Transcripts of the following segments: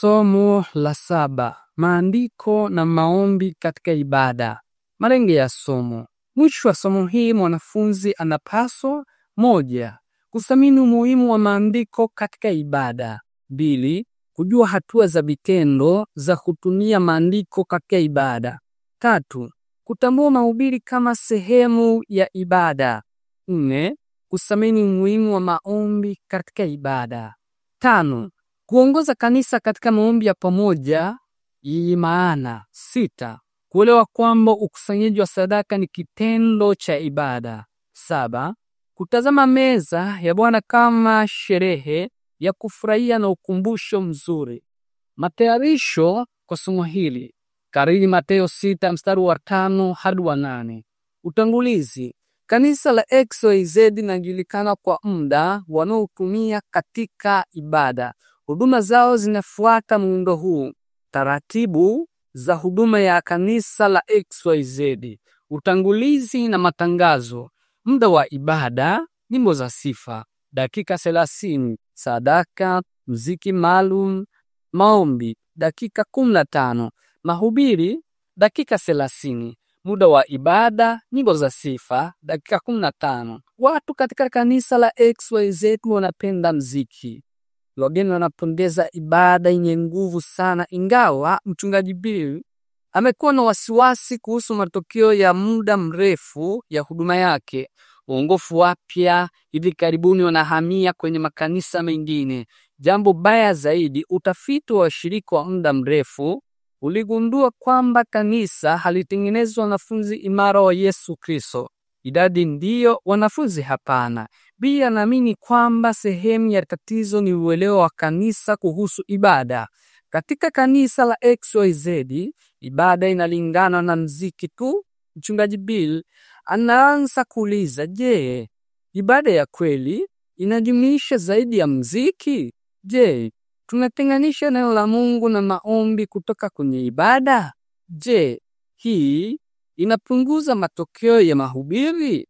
Somo la saba: maandiko na maombi katika ibada. Malengo ya somo. Mwisho wa somo hii mwanafunzi anapaswa: moja, kuthamini umuhimu wa maandiko katika ibada; mbili, kujua hatua za vitendo za kutumia maandiko katika ibada; tatu, kutambua mahubiri kama sehemu ya ibada; nne, kuthamini umuhimu wa maombi katika ibada; tano, Kuongoza kanisa katika maombi ya pamoja yenye maana. Sita, kuelewa kwamba ukusanyaji wa sadaka ni kitendo cha ibada. Saba, kutazama meza ya Bwana kama sherehe ya kufurahia na ukumbusho mzuri. Matayarisho kwa somo hili karibu Mateo sita mstari wa tano hadi wa nane. Utangulizi. Kanisa la XYZ linajulikana kwa muda wanaotumia katika ibada. Huduma zao zinafuata muundo huu: taratibu za huduma ya kanisa la XYZ, utangulizi na matangazo, muda wa ibada, nyimbo za sifa, dakika 30, sadaka, mziki maalum, maombi, dakika 15, mahubiri, dakika 30, muda wa ibada, nyimbo za sifa, dakika 15. Watu katika kanisa la XYZ wanapenda mziki wageni wanapongeza ibada yenye nguvu sana, ingawa mchungaji Bill amekuwa na wasiwasi kuhusu matokeo ya muda mrefu ya huduma yake. Uongofu wapya hivi karibuni wanahamia kwenye makanisa mengine. Jambo baya zaidi, utafiti wa washirika wa muda mrefu uligundua kwamba kanisa halitengenezwa wanafunzi imara wa Yesu Kristo. Idadi ndiyo, wanafunzi hapana. Pia naamini kwamba sehemu ya tatizo ni uelewa wa kanisa kuhusu ibada. Katika kanisa la XYZ ibada inalingana na mziki tu. Mchungaji Bill anaanza kuuliza, je, ibada ya kweli inajumuisha zaidi ya mziki? Je, tunatenganisha neno la Mungu na maombi kutoka kwenye ibada? Je, hii inapunguza matokeo ya mahubiri?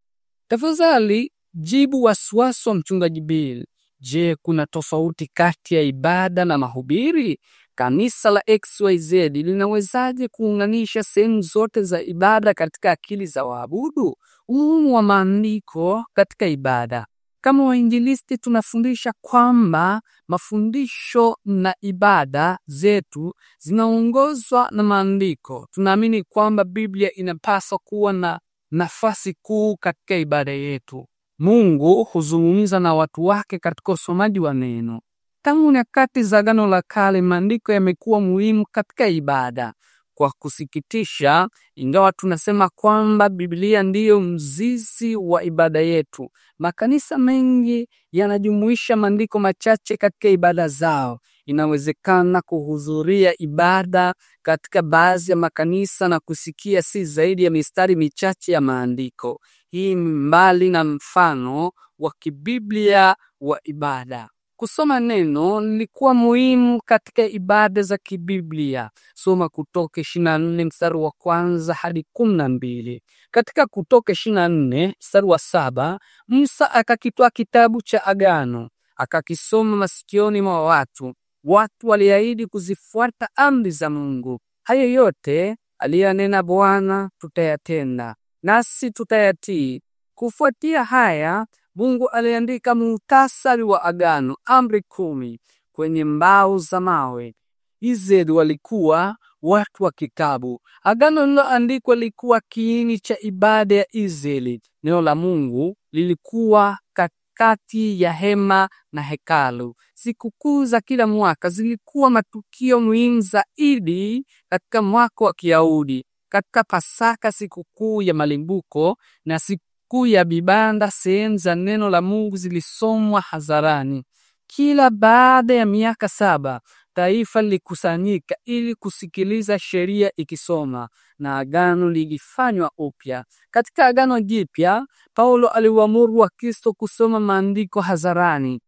Tafadhali jibu wasiwasi wa mchungaji Bill. Je, kuna tofauti kati ya ibada na mahubiri? Kanisa la XYZ linawezaje kuunganisha sehemu zote za ibada katika akili za waabudu? Umuhimu wa maandiko katika ibada. Kama wainjilisti tunafundisha kwamba mafundisho na ibada zetu zinaongozwa na maandiko. Tunaamini kwamba Biblia inapaswa kuwa na nafasi kuu katika ibada yetu. Mungu huzungumza na watu wake katika usomaji wa neno. Tangu nyakati za Agano la Kale, maandiko yamekuwa muhimu katika ibada. Kwa kusikitisha, ingawa tunasema kwamba Biblia ndiyo mzizi wa ibada yetu, makanisa mengi yanajumuisha maandiko machache katika ibada zao. Inawezekana kuhudhuria ibada katika baadhi ya makanisa na kusikia si zaidi ya mistari michache ya maandiko. Hii mbali na mfano wa kibiblia wa ibada. Kusoma neno lilikuwa muhimu katika ibada za kibiblia. Soma Kutoka 24 mstari wa kwanza hadi mbili. Katika Kutoka 24 mstari wa saba Musa akakitoa kitabu cha Agano akakisoma masikioni mwa watu. Watu waliahidi kuzifuata amri za Mungu. Hayo yote aliyanena Bwana tutayatenda, nasi tutayatii. Kufuatia haya Mungu aliandika muhtasari wa agano, amri kumi, kwenye mbao za mawe. Israeli walikuwa watu wa kitabu. Agano lililoandikwa lilikuwa kiini cha ibada ya Israeli. Neno la Mungu lilikuwa katikati ya hema na hekalu. Sikukuu za kila mwaka zilikuwa matukio muhimu zaidi katika mwaka wa Kiyahudi. Katika Pasaka, sikukuu ya malimbuko na siku kuu ya bibanda, sehemu za neno la Mungu zilisomwa hadharani. Kila baada ya miaka saba taifa lilikusanyika ili kusikiliza sheria ikisoma na agano lilifanywa upya. Katika Agano Jipya, Paulo aliwaamuru Wakristo kusoma maandiko hadharani.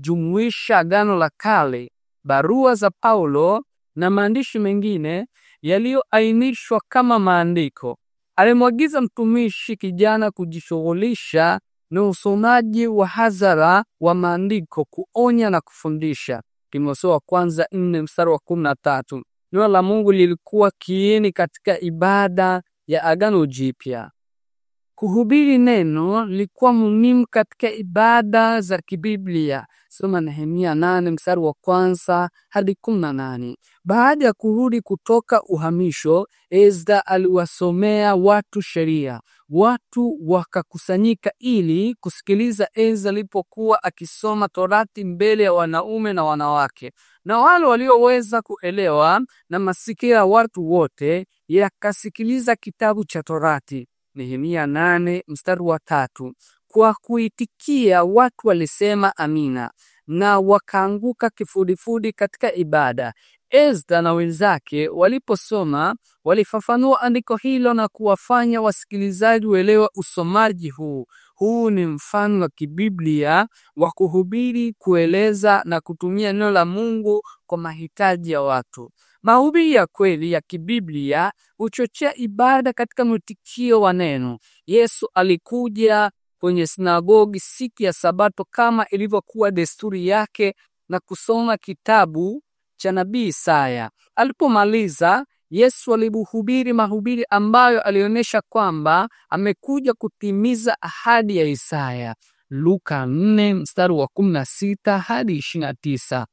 jumuisha Agano la Kale, barua za Paulo na maandishi mengine yaliyoainishwa kama maandiko alimwagiza mtumishi kijana kujishughulisha na usomaji wa hadhara wa maandiko, kuonya na kufundisha. Timotheo wa kwanza nne mstari wa kumi na tatu. Neno la Mungu lilikuwa kiini katika ibada ya Agano Jipya. Kuhubiri neno lilikuwa muhimu katika ibada za kibiblia soma Nehemia nane mstari wa kwanza hadi kumi na nane. Baada ya kurudi kutoka uhamisho, Ezra aliwasomea watu sheria. Watu wakakusanyika ili kusikiliza Ezra alipokuwa akisoma Torati mbele ya wanaume na wanawake, na wale walioweza kuelewa na masikio ya watu wote yakasikiliza kitabu cha Torati. Nehemia nane mstari wa tatu. Kwa kuitikia watu walisema amina, na wakaanguka kifudifudi katika ibada. Ezra na wenzake waliposoma walifafanua andiko hilo na kuwafanya wasikilizaji uelewa usomaji huu. Huu ni mfano wa kibiblia wa kuhubiri, kueleza na kutumia neno la Mungu kwa mahitaji ya watu. Mahubiri ya kweli ya kibiblia huchochea ibada katika mwitikio wa neno. Yesu alikuja kwenye sinagogi siku ya Sabato kama ilivyokuwa desturi yake na kusoma kitabu cha nabii Isaya. Alipomaliza, Yesu alibuhubiri mahubiri ambayo alionyesha kwamba amekuja kutimiza ahadi ya Isaya. Luka 4 mstari wa 16 hadi 29.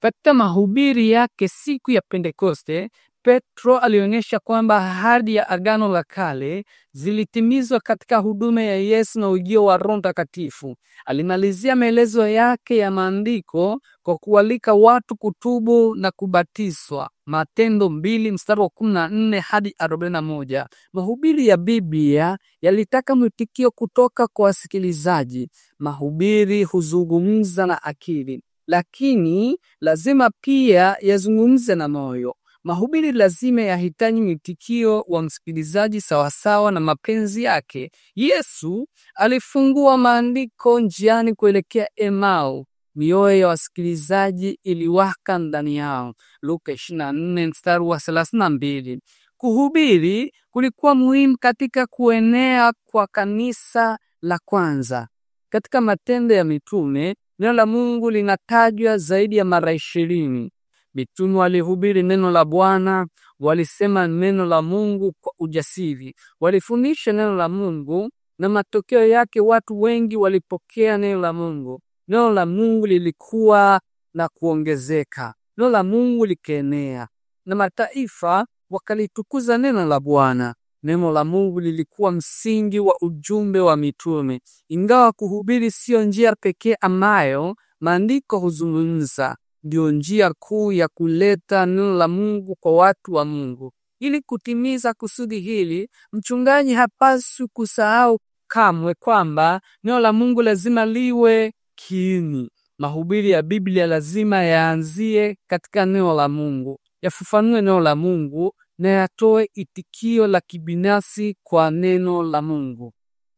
Katika mahubiri yake siku ya Pentekoste, Petro alionyesha kwamba ahadi ya Agano la Kale zilitimizwa katika huduma ya Yesu na ujio wa Roho Mtakatifu. Alimalizia maelezo yake ya maandiko kwa kualika watu kutubu na kubatizwa, Matendo mbili mstari wa kumi na nne hadi arobaini na moja. Mahubiri ya Biblia yalitaka mwitikio kutoka kwa wasikilizaji. Mahubiri huzungumza na akili, lakini lazima pia yazungumze na moyo. Mahubiri lazima yahitaji mwitikio wa msikilizaji sawasawa na mapenzi yake. Yesu alifungua maandiko njiani kuelekea Emau. Mioyo ya wasikilizaji iliwaka ndani yao. Luka 24 mstari wa 32. Kuhubiri kulikuwa muhimu katika kuenea kwa kanisa la kwanza. Katika Matendo ya Mitume, neno la Mungu linatajwa zaidi ya mara ishirini. Mitume walihubiri neno la Bwana, walisema neno la Mungu kwa ujasiri, walifundisha neno la Mungu, na matokeo yake watu wengi walipokea neno la Mungu. Neno la Mungu lilikuwa na kuongezeka, neno la Mungu likaenea na mataifa wakalitukuza neno la Bwana. Neno la Mungu lilikuwa msingi wa ujumbe wa mitume, ingawa kuhubiri siyo njia pekee ambayo maandiko huzungumza ndio njia kuu ya kuleta neno la Mungu kwa watu wa Mungu. Ili kutimiza kusudi hili, mchungaji hapaswi kusahau kamwe kwamba neno la Mungu lazima liwe kiini. Mahubiri ya Biblia lazima yaanzie katika neno la Mungu, yafafanue neno la Mungu na yatoe itikio la kibinafsi kwa neno la Mungu.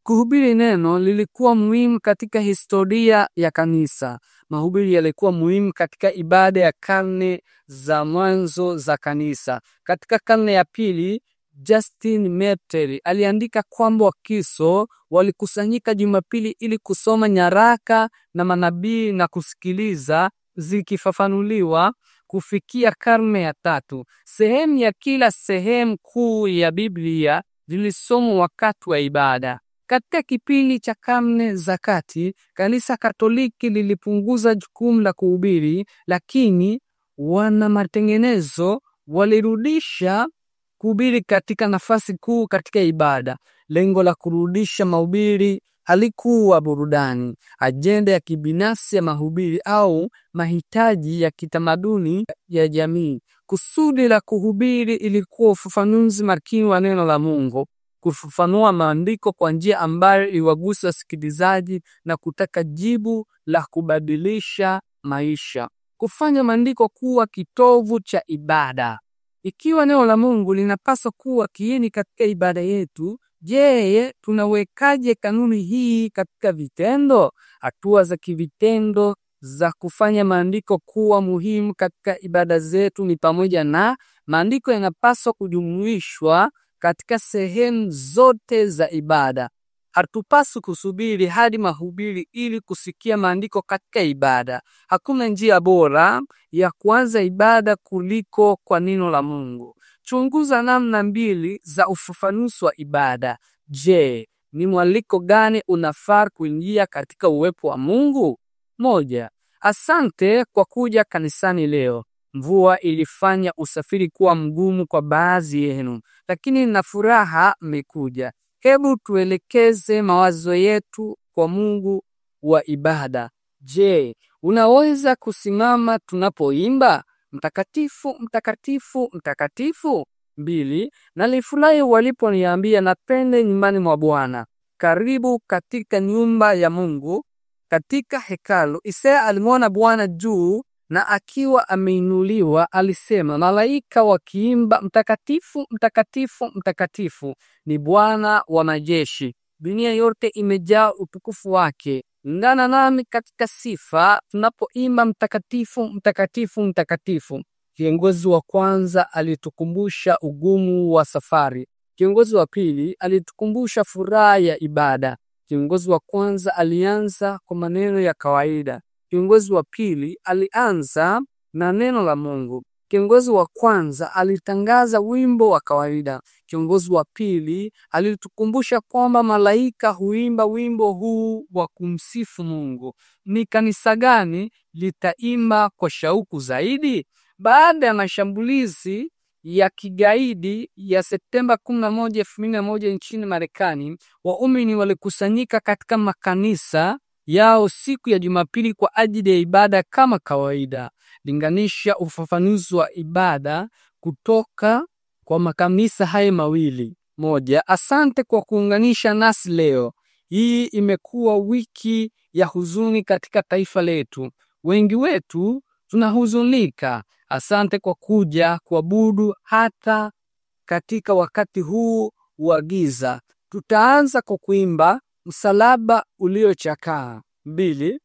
Kuhubiri neno lilikuwa muhimu katika historia ya kanisa. Mahubiri yalikuwa muhimu katika ibada ya karne za mwanzo za kanisa. Katika karne ya pili, Justin Martyr aliandika kwamba Wakristo walikusanyika Jumapili ili kusoma nyaraka na manabii na kusikiliza zikifafanuliwa. Kufikia karne ya tatu, sehemu ya kila sehemu kuu ya Biblia zilisomwa wakati wa ibada. Katika kipindi cha karne za kati, Kanisa Katoliki lilipunguza jukumu la kuhubiri, lakini wana matengenezo walirudisha kuhubiri katika nafasi kuu katika ibada. Lengo la kurudisha mahubiri halikuwa burudani. Ajenda ya kibinafsi ya mahubiri au mahitaji ya kitamaduni ya jamii. Kusudi la kuhubiri ilikuwa ufafanuzi makini wa neno la Mungu kufafanua maandiko kwa njia ambayo iwagusa wasikilizaji na kutaka jibu la kubadilisha maisha. Kufanya maandiko kuwa kitovu cha ibada. Ikiwa neno la Mungu linapaswa kuwa kiini katika ibada yetu, je, tunawekaje kanuni hii katika vitendo? Hatua za kivitendo za kufanya maandiko kuwa muhimu katika ibada zetu ni pamoja na maandiko yanapaswa kujumuishwa katika sehemu zote za ibada. Hatupaswi kusubiri hadi mahubiri ili kusikia maandiko katika ibada. Hakuna njia bora ya kuanza ibada kuliko kwa neno la Mungu. Chunguza namna mbili za ufafanuzi wa ibada. Je, ni mwaliko gani unafaa kuingia katika uwepo wa Mungu? Moja, asante kwa kuja kanisani leo. Mvua ilifanya usafiri kuwa mgumu kwa baadhi yenu, lakini na furaha mmekuja Hebu tuelekeze mawazo yetu kwa Mungu wa ibada. Je, unaweza kusimama tunapoimba mtakatifu, mtakatifu, mtakatifu? Mbili, nalifurahi waliponiambia napende nyumbani mwa Bwana. Karibu katika nyumba ya Mungu, katika hekalu. Isaya alimwona Bwana juu na akiwa ameinuliwa alisema, malaika wakiimba, mtakatifu mtakatifu mtakatifu ni Bwana wa majeshi, dunia yote imejaa utukufu wake. Ungana nami katika sifa tunapoimba mtakatifu mtakatifu mtakatifu. Kiongozi wa kwanza alitukumbusha ugumu wa safari. Kiongozi wa pili alitukumbusha furaha ya ibada. Kiongozi wa kwanza alianza kwa maneno ya kawaida. Kiongozi wa pili alianza na neno la Mungu. Kiongozi wa kwanza alitangaza wimbo wa kawaida. Kiongozi wa pili alitukumbusha kwamba malaika huimba wimbo huu wa kumsifu Mungu. Ni kanisa gani litaimba kwa shauku zaidi? Baada ya mashambulizi ya kigaidi ya Septemba 11, 2001 nchini Marekani, waumini walikusanyika katika makanisa yao siku ya Jumapili kwa ajili ya ibada kama kawaida. Linganisha ufafanuzi wa ibada kutoka kwa makanisa haya mawili. Moja, asante kwa kuunganisha nasi leo. Hii imekuwa wiki ya huzuni katika taifa letu. Wengi wetu tunahuzunika. Asante kwa kuja kuabudu hata katika wakati huu wa giza. Tutaanza kwa kuimba msalaba uliochakaa. Mbili,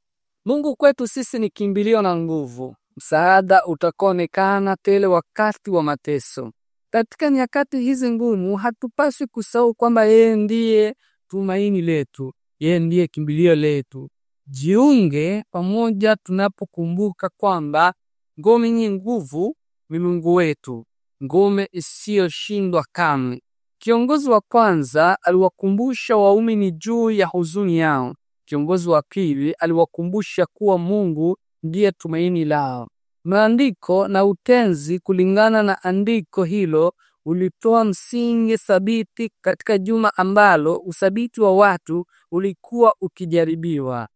Mungu kwetu sisi ni kimbilio na nguvu, msaada utakaonekana tele wakati wa mateso. Katika nyakati hizi ngumu, hatupaswi kusahau kwamba yeye ndiye tumaini letu, yeye ndiye kimbilio letu. Jiunge pamoja tunapokumbuka kwamba ngome nyi nguvu ni Mungu wetu, ngome isiyoshindwa kamwe. Kiongozi wa kwanza aliwakumbusha waumini juu ya huzuni yao. Kiongozi wa pili aliwakumbusha kuwa Mungu ndiye tumaini lao. Maandiko na utenzi kulingana na andiko hilo ulitoa msingi thabiti katika juma ambalo uthabiti wa watu ulikuwa ukijaribiwa.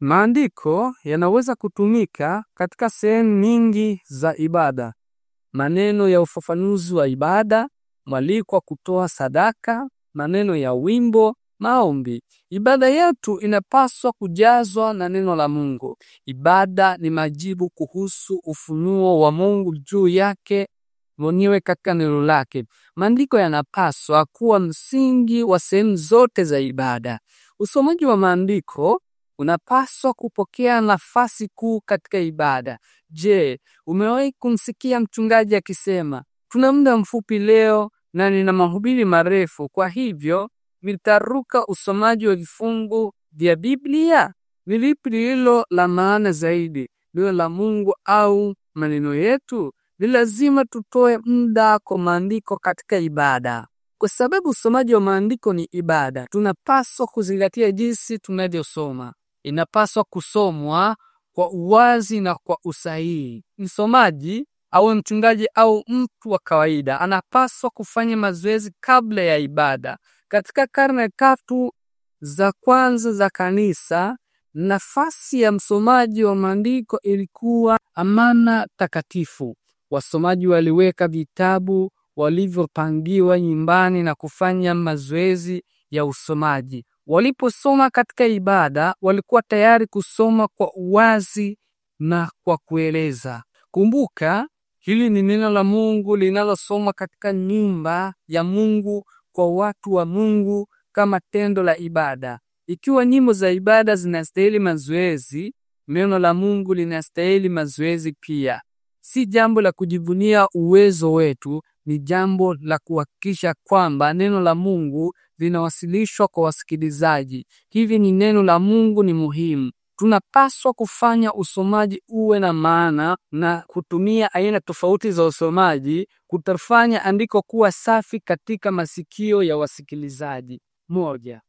Maandiko yanaweza kutumika katika sehemu nyingi za ibada. Maneno ya ufafanuzi wa ibada, mwalikwa kutoa sadaka, maneno ya wimbo, maombi. Ibada yetu inapaswa kujazwa na neno la Mungu. Ibada ni majibu kuhusu ufunuo wa Mungu juu yake mwenyewe katika neno lake. Maandiko yanapaswa kuwa msingi wa sehemu zote za ibada. Usomaji wa maandiko unapaswa kupokea nafasi kuu katika ibada. Je, umewahi kumsikia mchungaji akisema, tuna muda mfupi leo, na nina mahubiri marefu, kwa hivyo nitaruka usomaji wa vifungu vya Biblia. Ni lipi lililo la maana zaidi, lilo la Mungu au maneno yetu? Ni lazima tutoe muda kwa maandiko katika ibada, kwa sababu usomaji wa maandiko ni ibada. Tunapaswa kuzingatia jinsi tunavyosoma, inapaswa kusomwa kwa uwazi na kwa usahihi. Msomaji awe mchungaji au mtu wa kawaida anapaswa kufanya mazoezi kabla ya ibada. Katika karne tatu za kwanza za kanisa, nafasi ya msomaji wa maandiko ilikuwa amana takatifu. Wasomaji waliweka vitabu walivyopangiwa nyumbani na kufanya mazoezi ya usomaji. Waliposoma katika ibada, walikuwa tayari kusoma kwa uwazi na kwa kueleza. Kumbuka, Hili ni neno la Mungu linalosoma katika nyumba ya Mungu kwa watu wa Mungu kama tendo la ibada. Ikiwa nyimbo za ibada zinastahili mazoezi, neno la Mungu linastahili mazoezi pia. Si jambo la kujivunia uwezo wetu, ni jambo la kuhakikisha kwamba neno la Mungu linawasilishwa kwa wasikilizaji. Hivi ni neno la Mungu ni muhimu tunapaswa kufanya usomaji uwe na maana na kutumia aina tofauti za usomaji kutafanya andiko kuwa safi katika masikio ya wasikilizaji. Moja,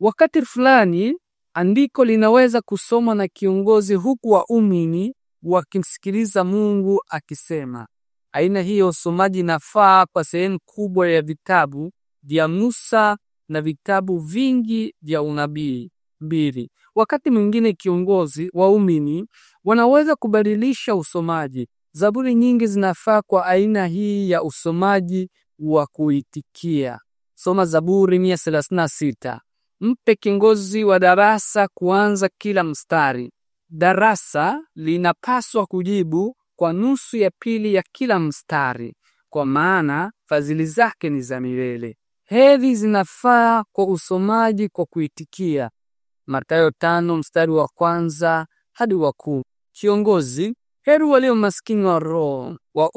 wakati fulani andiko linaweza kusoma na kiongozi huku waumini wakimsikiliza Mungu akisema. Aina hiyo usomaji inafaa kwa sehemu kubwa ya vitabu vya Musa na vitabu vingi vya unabii mbili. Wakati mwingine kiongozi, waumini wanaweza kubadilisha usomaji. Zaburi nyingi zinafaa kwa aina hii ya usomaji wa kuitikia. Soma Zaburi 136. Mpe kiongozi wa darasa kuanza kila mstari. Darasa linapaswa kujibu kwa nusu ya pili ya kila mstari, kwa maana fadhili zake ni za milele. Hedhi zinafaa kwa usomaji kwa kuitikia. Mathayo tano mstari wa kwanza hadi wa kumi. Kiongozi, heri walio maskini wa roho, wa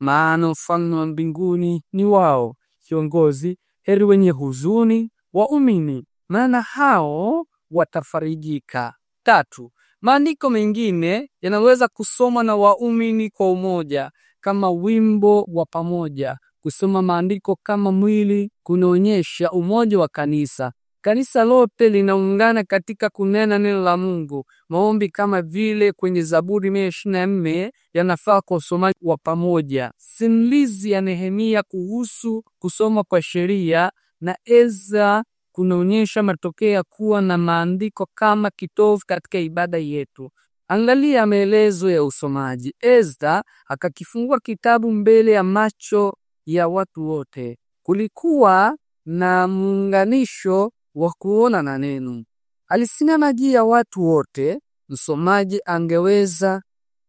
maana ufalme wa mbinguni ni wao. Kiongozi, heri wenye huzuni, wa umini, maana hao watafarijika. Tatu, maandiko mengine yanaweza kusoma na waumini kwa umoja kama wimbo wa pamoja. Kusoma maandiko kama mwili kunaonyesha umoja wa kanisa. Kanisa lote linaungana katika kunena neno la Mungu. Maombi kama vile kwenye Zaburi 124 yanafaa kwa usomaji wa pamoja. Simulizi ya Nehemia kuhusu kusoma kwa sheria na Ezra kunaonyesha matokeo ya kuwa na maandiko kama kitovu katika ibada yetu. Angalia maelezo ya usomaji. Ezra akakifungua kitabu mbele ya macho ya watu wote. Kulikuwa na muunganisho wa kuona na neno. Alisimama juu ya watu wote, msomaji angeweza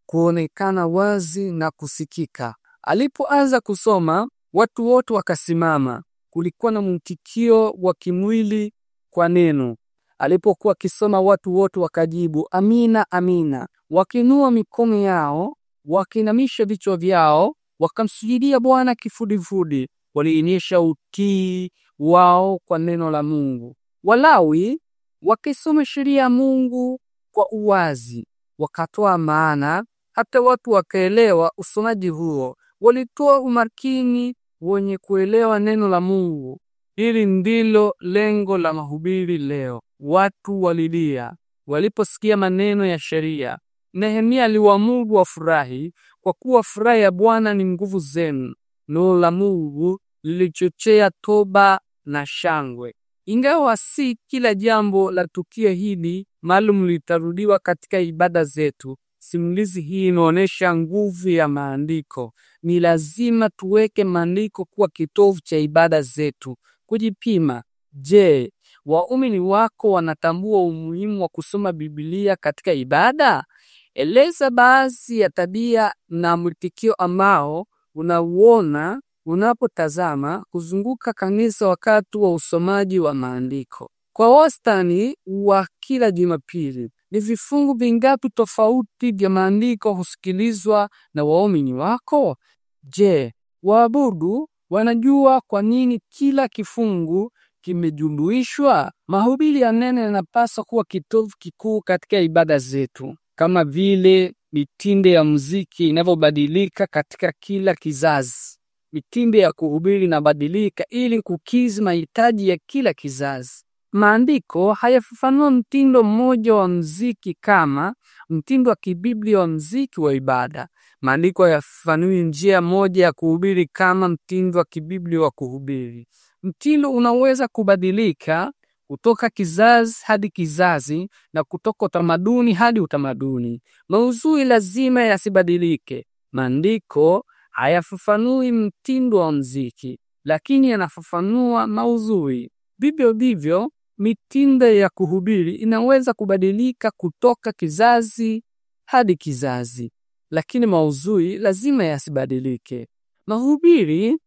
kuonekana wazi na kusikika. Alipoanza kusoma, watu wote wakasimama. Kulikuwa na mtikio wa kimwili kwa neno. Alipokuwa akisoma, watu wote wakajibu amina, amina, wakinua mikono yao, wakinamisha vichwa vyao, wakamsujudia Bwana kifudifudi. Walionyesha utii wao kwa neno la Mungu. Walawi wakisoma sheria ya Mungu kwa uwazi, wakatoa maana, hata watu wakaelewa usomaji huo. Walitoa umakini wenye kuelewa neno la Mungu. Hili ndilo lengo la mahubiri leo. Watu walilia waliposikia maneno ya sheria. Nehemia aliwaamuru wafurahi, kwa kuwa furaha ya Bwana ni nguvu zenu. Neno la Mungu lilichochea toba na shangwe. Ingawa si kila jambo la tukio hili maalum litarudiwa katika ibada zetu, simulizi hii inaonyesha nguvu ya maandiko. Ni lazima tuweke maandiko kuwa kitovu cha ibada zetu. Kujipima. Je, waumini wako wanatambua umuhimu wa kusoma Biblia katika ibada? Eleza baadhi ya tabia na mwitikio ambao unauona unapotazama kuzunguka kanisa wakati wa usomaji wa maandiko. Kwa wastani wa kila Jumapili, ni vifungu vingapi tofauti vya maandiko husikilizwa na waumini wako? Je, waabudu wanajua kwa nini kila kifungu kimejumuishwa? Mahubiri ya neno yanapaswa kuwa kitovu kikuu katika ibada zetu, kama vile mitindo ya muziki inavyobadilika katika kila kizazi mitindo ya kuhubiri inabadilika ili kukizi mahitaji ya kila kizazi. Maandiko hayafafanua mtindo mmoja wa mziki kama mtindo wa kibiblia wa mziki wa ibada. Maandiko hayafafanui njia moja ya kuhubiri kama mtindo wa kibiblia wa kuhubiri. Mtindo unaweza kubadilika kutoka kizazi hadi kizazi na kutoka utamaduni hadi utamaduni. Mauzui lazima yasibadilike. Maandiko hayafafanui mtindo wa mziki, lakini yanafafanua maudhui. Vivyo vivyo, mitindo ya kuhubiri inaweza kubadilika kutoka kizazi hadi kizazi, lakini maudhui lazima yasibadilike. Mahubiri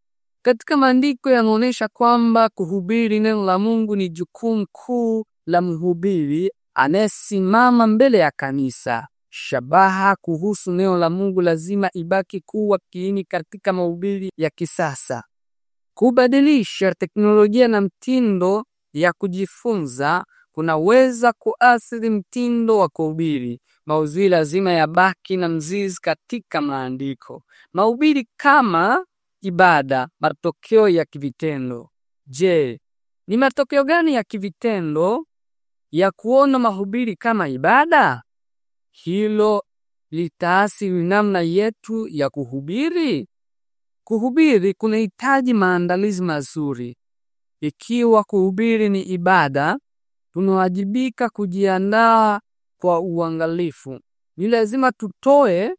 katika maandiko yanaonyesha kwamba kuhubiri neno la Mungu ni jukumu kuu la mhubiri anayesimama mbele ya kanisa. Shabaha kuhusu neno la Mungu lazima ibaki kuwa kiini katika mahubiri ya kisasa. Kubadilisha teknolojia na mtindo ya kujifunza kunaweza kuathiri mtindo wa kuhubiri. Maudhui lazima yabaki na mzizi katika maandiko. Mahubiri kama ibada, matokeo ya kivitendo. Je, ni matokeo gani ya kivitendo ya kuona mahubiri kama ibada? hilo litaasiri namna yetu ya kuhubiri. Kuhubiri kunahitaji maandalizi mazuri. Ikiwa kuhubiri ni ibada, tunawajibika kujiandaa kwa uangalifu. Ni lazima tutoe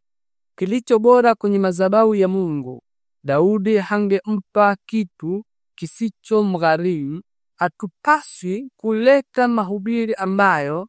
kilicho bora kwenye madhabahu ya Mungu. Daudi hangempa kitu kisicho mgharimu. Hatupaswi kuleta mahubiri ambayo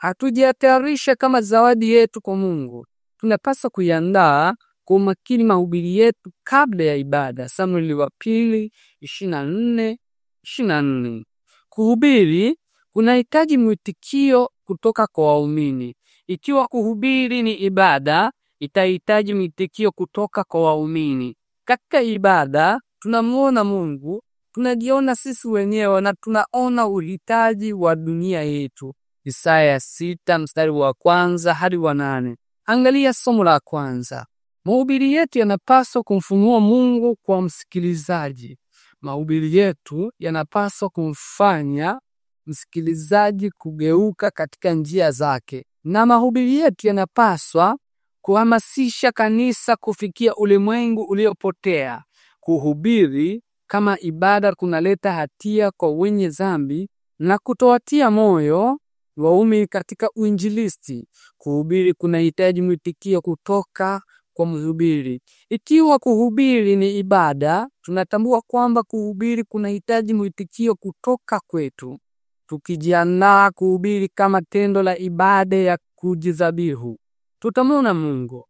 hatujatayarisha kama zawadi yetu kwa Mungu. Tunapaswa kuiandaa kwa umakini mahubiri yetu kabla ya ibada. Samueli wa pili 24 24. Kuhubiri kunahitaji mwitikio kutoka kwa waumini. Ikiwa kuhubiri ni ibada, itahitaji mwitikio kutoka kwa waumini. Katika ibada tunamuona Mungu, tunajiona sisi wenyewe na tunaona uhitaji wa dunia yetu. Isaya sita mstari wa kwanza hadi wa nane. Angalia somo la kwanza. Mahubiri yetu yanapaswa kumfunua Mungu kwa msikilizaji. Mahubiri yetu yanapaswa kumfanya msikilizaji kugeuka katika njia zake, na mahubiri yetu yanapaswa kuhamasisha kanisa kufikia ulimwengu uliopotea. Kuhubiri kama ibada kunaleta hatia kwa wenye dhambi na kutowatia moyo Waumi katika uinjilisti, kuhubiri kunahitaji mwitikio kutoka kwa mhubiri. Ikiwa kuhubiri ni ibada, tunatambua kwamba kuhubiri kunahitaji mwitikio kutoka kwetu, tukijiandaa kuhubiri kama tendo la ibada ya kujizabihu, tutamwona Mungu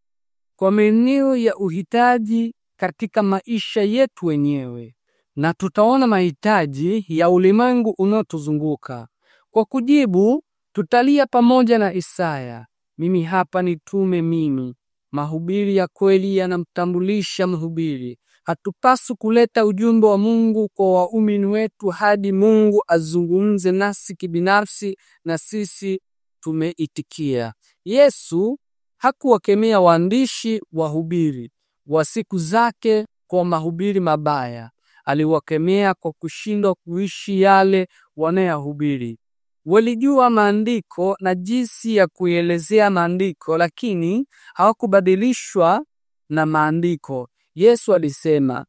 kwa maeneo ya uhitaji katika maisha yetu wenyewe, na tutaona mahitaji ya ulimwengu unaotuzunguka. Kwa kujibu Tutalia pamoja na Isaya. Mimi hapa nitume mimi. Mahubiri ya kweli yanamtambulisha mhubiri. Hatupaswi kuleta ujumbe wa Mungu kwa waumini wetu hadi Mungu azungumze nasi kibinafsi na sisi tumeitikia. Yesu hakuwakemea waandishi wahubiri wa siku zake kwa mahubiri mabaya. Aliwakemea kwa kushindwa kuishi yale wanayahubiri. Walijua maandiko na jinsi ya kuielezea maandiko, lakini hawakubadilishwa na maandiko. Yesu alisema,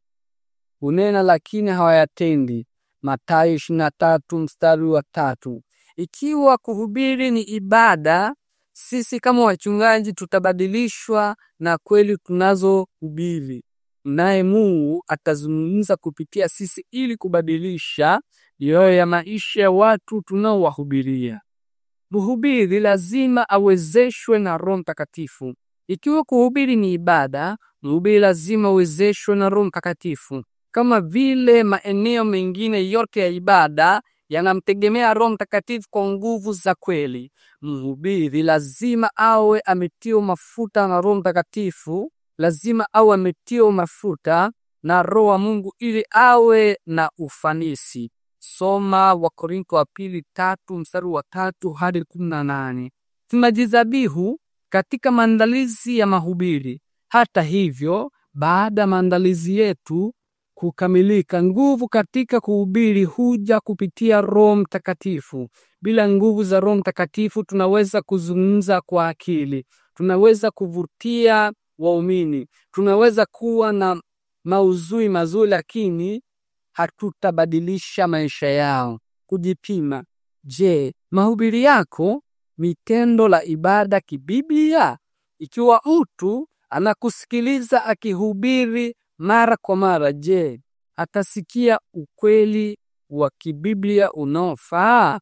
unena lakini hawayatendi. Mathayo 23 mstari wa tatu. Ikiwa kuhubiri ni ibada, sisi kama wachungaji tutabadilishwa na kweli tunazohubiri naye Mungu atazungumza kupitia sisi ili kubadilisha yoyo ya maisha ya watu tunaowahubiria. Mhubiri lazima awezeshwe na Roho Mtakatifu. Ikiwa kuhubiri ni ibada, mhubiri lazima awezeshwe na Roho Mtakatifu. Kama vile maeneo mengine yote ya ibada yanamtegemea Roho Mtakatifu kwa nguvu za kweli, mhubiri lazima awe ametiwa mafuta na Roho Mtakatifu lazima awe ametiwa mafuta na Roho wa Mungu ili awe na ufanisi. Soma Wakorintho wa pili tatu mstari wa tatu hadi kumi na nane. Tunajizabihu katika maandalizi ya mahubiri. Hata hivyo, baada ya maandalizi yetu kukamilika, nguvu katika kuhubiri huja kupitia Roho Mtakatifu. Bila nguvu za Roho Mtakatifu, tunaweza kuzungumza kwa akili, tunaweza kuvutia waumini. Tunaweza kuwa na mauzui mazuri, lakini hatutabadilisha maisha yao. Kujipima: je, mahubiri yako ni tendo la ibada kibiblia? Ikiwa mtu anakusikiliza akihubiri mara kwa mara, je, atasikia ukweli wa kibiblia unaofaa?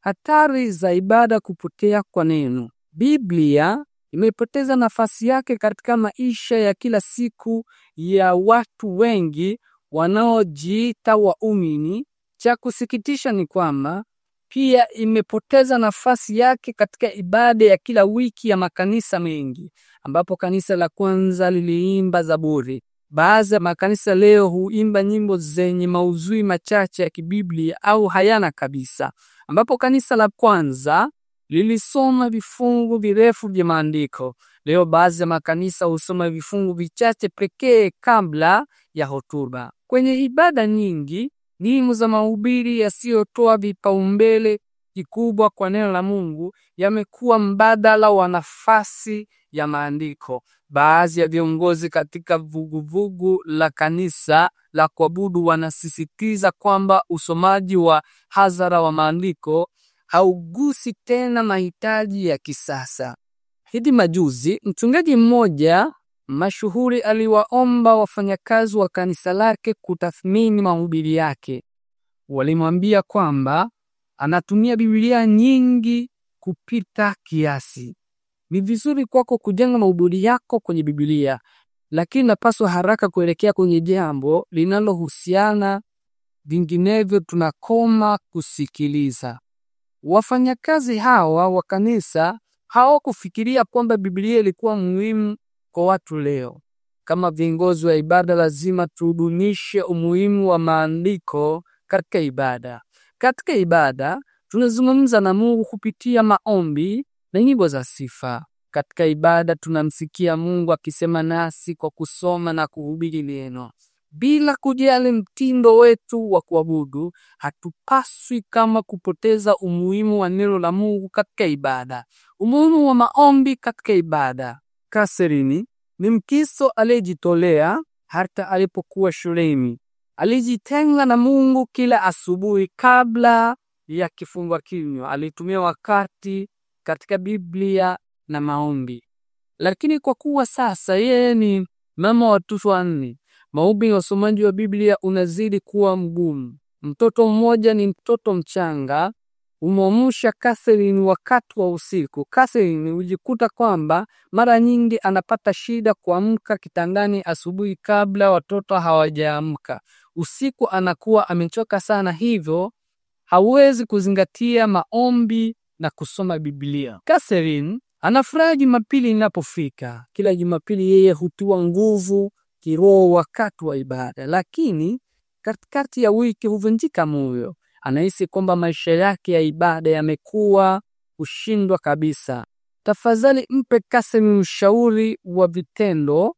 Hatari za ibada kupotea kwa neno. Biblia imepoteza nafasi yake katika maisha ya kila siku ya watu wengi wanaojiita waumini. Cha kusikitisha ni kwamba pia imepoteza nafasi yake katika ibada ya kila wiki ya makanisa mengi, ambapo kanisa la kwanza liliimba Zaburi. Baadhi ya makanisa leo huimba nyimbo zenye mauzui machache ya kibiblia au hayana kabisa, ambapo kanisa la kwanza lilisoma vifungu virefu vya maandiko. Leo baadhi ya makanisa husoma vifungu vichache pekee kabla ya hotuba. Kwenye ibada nyingi, nimu za mahubiri yasiyotoa vipaumbele kikubwa kwa neno la Mungu yamekuwa mbadala wa nafasi ya maandiko. Baadhi ya viongozi katika vuguvugu la kanisa la kuabudu wanasisitiza kwamba usomaji wa hadhara wa maandiko haugusi tena mahitaji ya kisasa. Hivi majuzi mchungaji mmoja mashuhuri aliwaomba wafanyakazi wa kanisa lake kutathmini mahubiri yake. Walimwambia kwamba anatumia Biblia nyingi kupita kiasi. Ni vizuri kwako kujenga mahubiri yako kwenye Biblia, lakini napaswa haraka kuelekea kwenye jambo linalohusiana, vinginevyo tunakoma kusikiliza. Wafanyakazi hawa wa kanisa hawakufikiria kwamba Biblia ilikuwa muhimu kwa watu leo. Kama viongozi wa ibada, lazima tudumishe umuhimu wa maandiko katika ibada. Katika ibada tunazungumza na Mungu kupitia maombi na nyimbo za sifa. Katika ibada tunamsikia Mungu akisema nasi kwa kusoma na kuhubiri neno. Bila kujali mtindo wetu wa kuabudu, hatupaswi kama kupoteza umuhimu wa neno la Mungu katika ibada, umuhimu wa maombi katika ibada. Kaserini ni Mkristo aliyejitolea hata alipokuwa shuleni. Alijitenga na Mungu kila asubuhi kabla ya kifungua kinywa. Alitumia wakati katika Biblia na maombi. Lakini kwa kuwa sasa yeye ni mama watoto wanne, Maombi na usomaji wa Biblia unazidi kuwa mgumu. Mtoto mmoja ni mtoto mchanga, umemwamsha Catherine wakati wa usiku. Catherine hujikuta kwamba mara nyingi anapata shida kuamka kitandani asubuhi kabla watoto hawajaamka. Usiku anakuwa amechoka sana, hivyo hawezi kuzingatia maombi na kusoma Biblia. Catherine anafurahi Jumapili inapofika. Kila Jumapili yeye hutiwa nguvu kiroho wakati wa ibada, lakini katikati ya wiki huvunjika moyo, anahisi kwamba maisha yake ya ibada yamekuwa kushindwa kabisa. Tafadhali mpe Kasem ushauri wa vitendo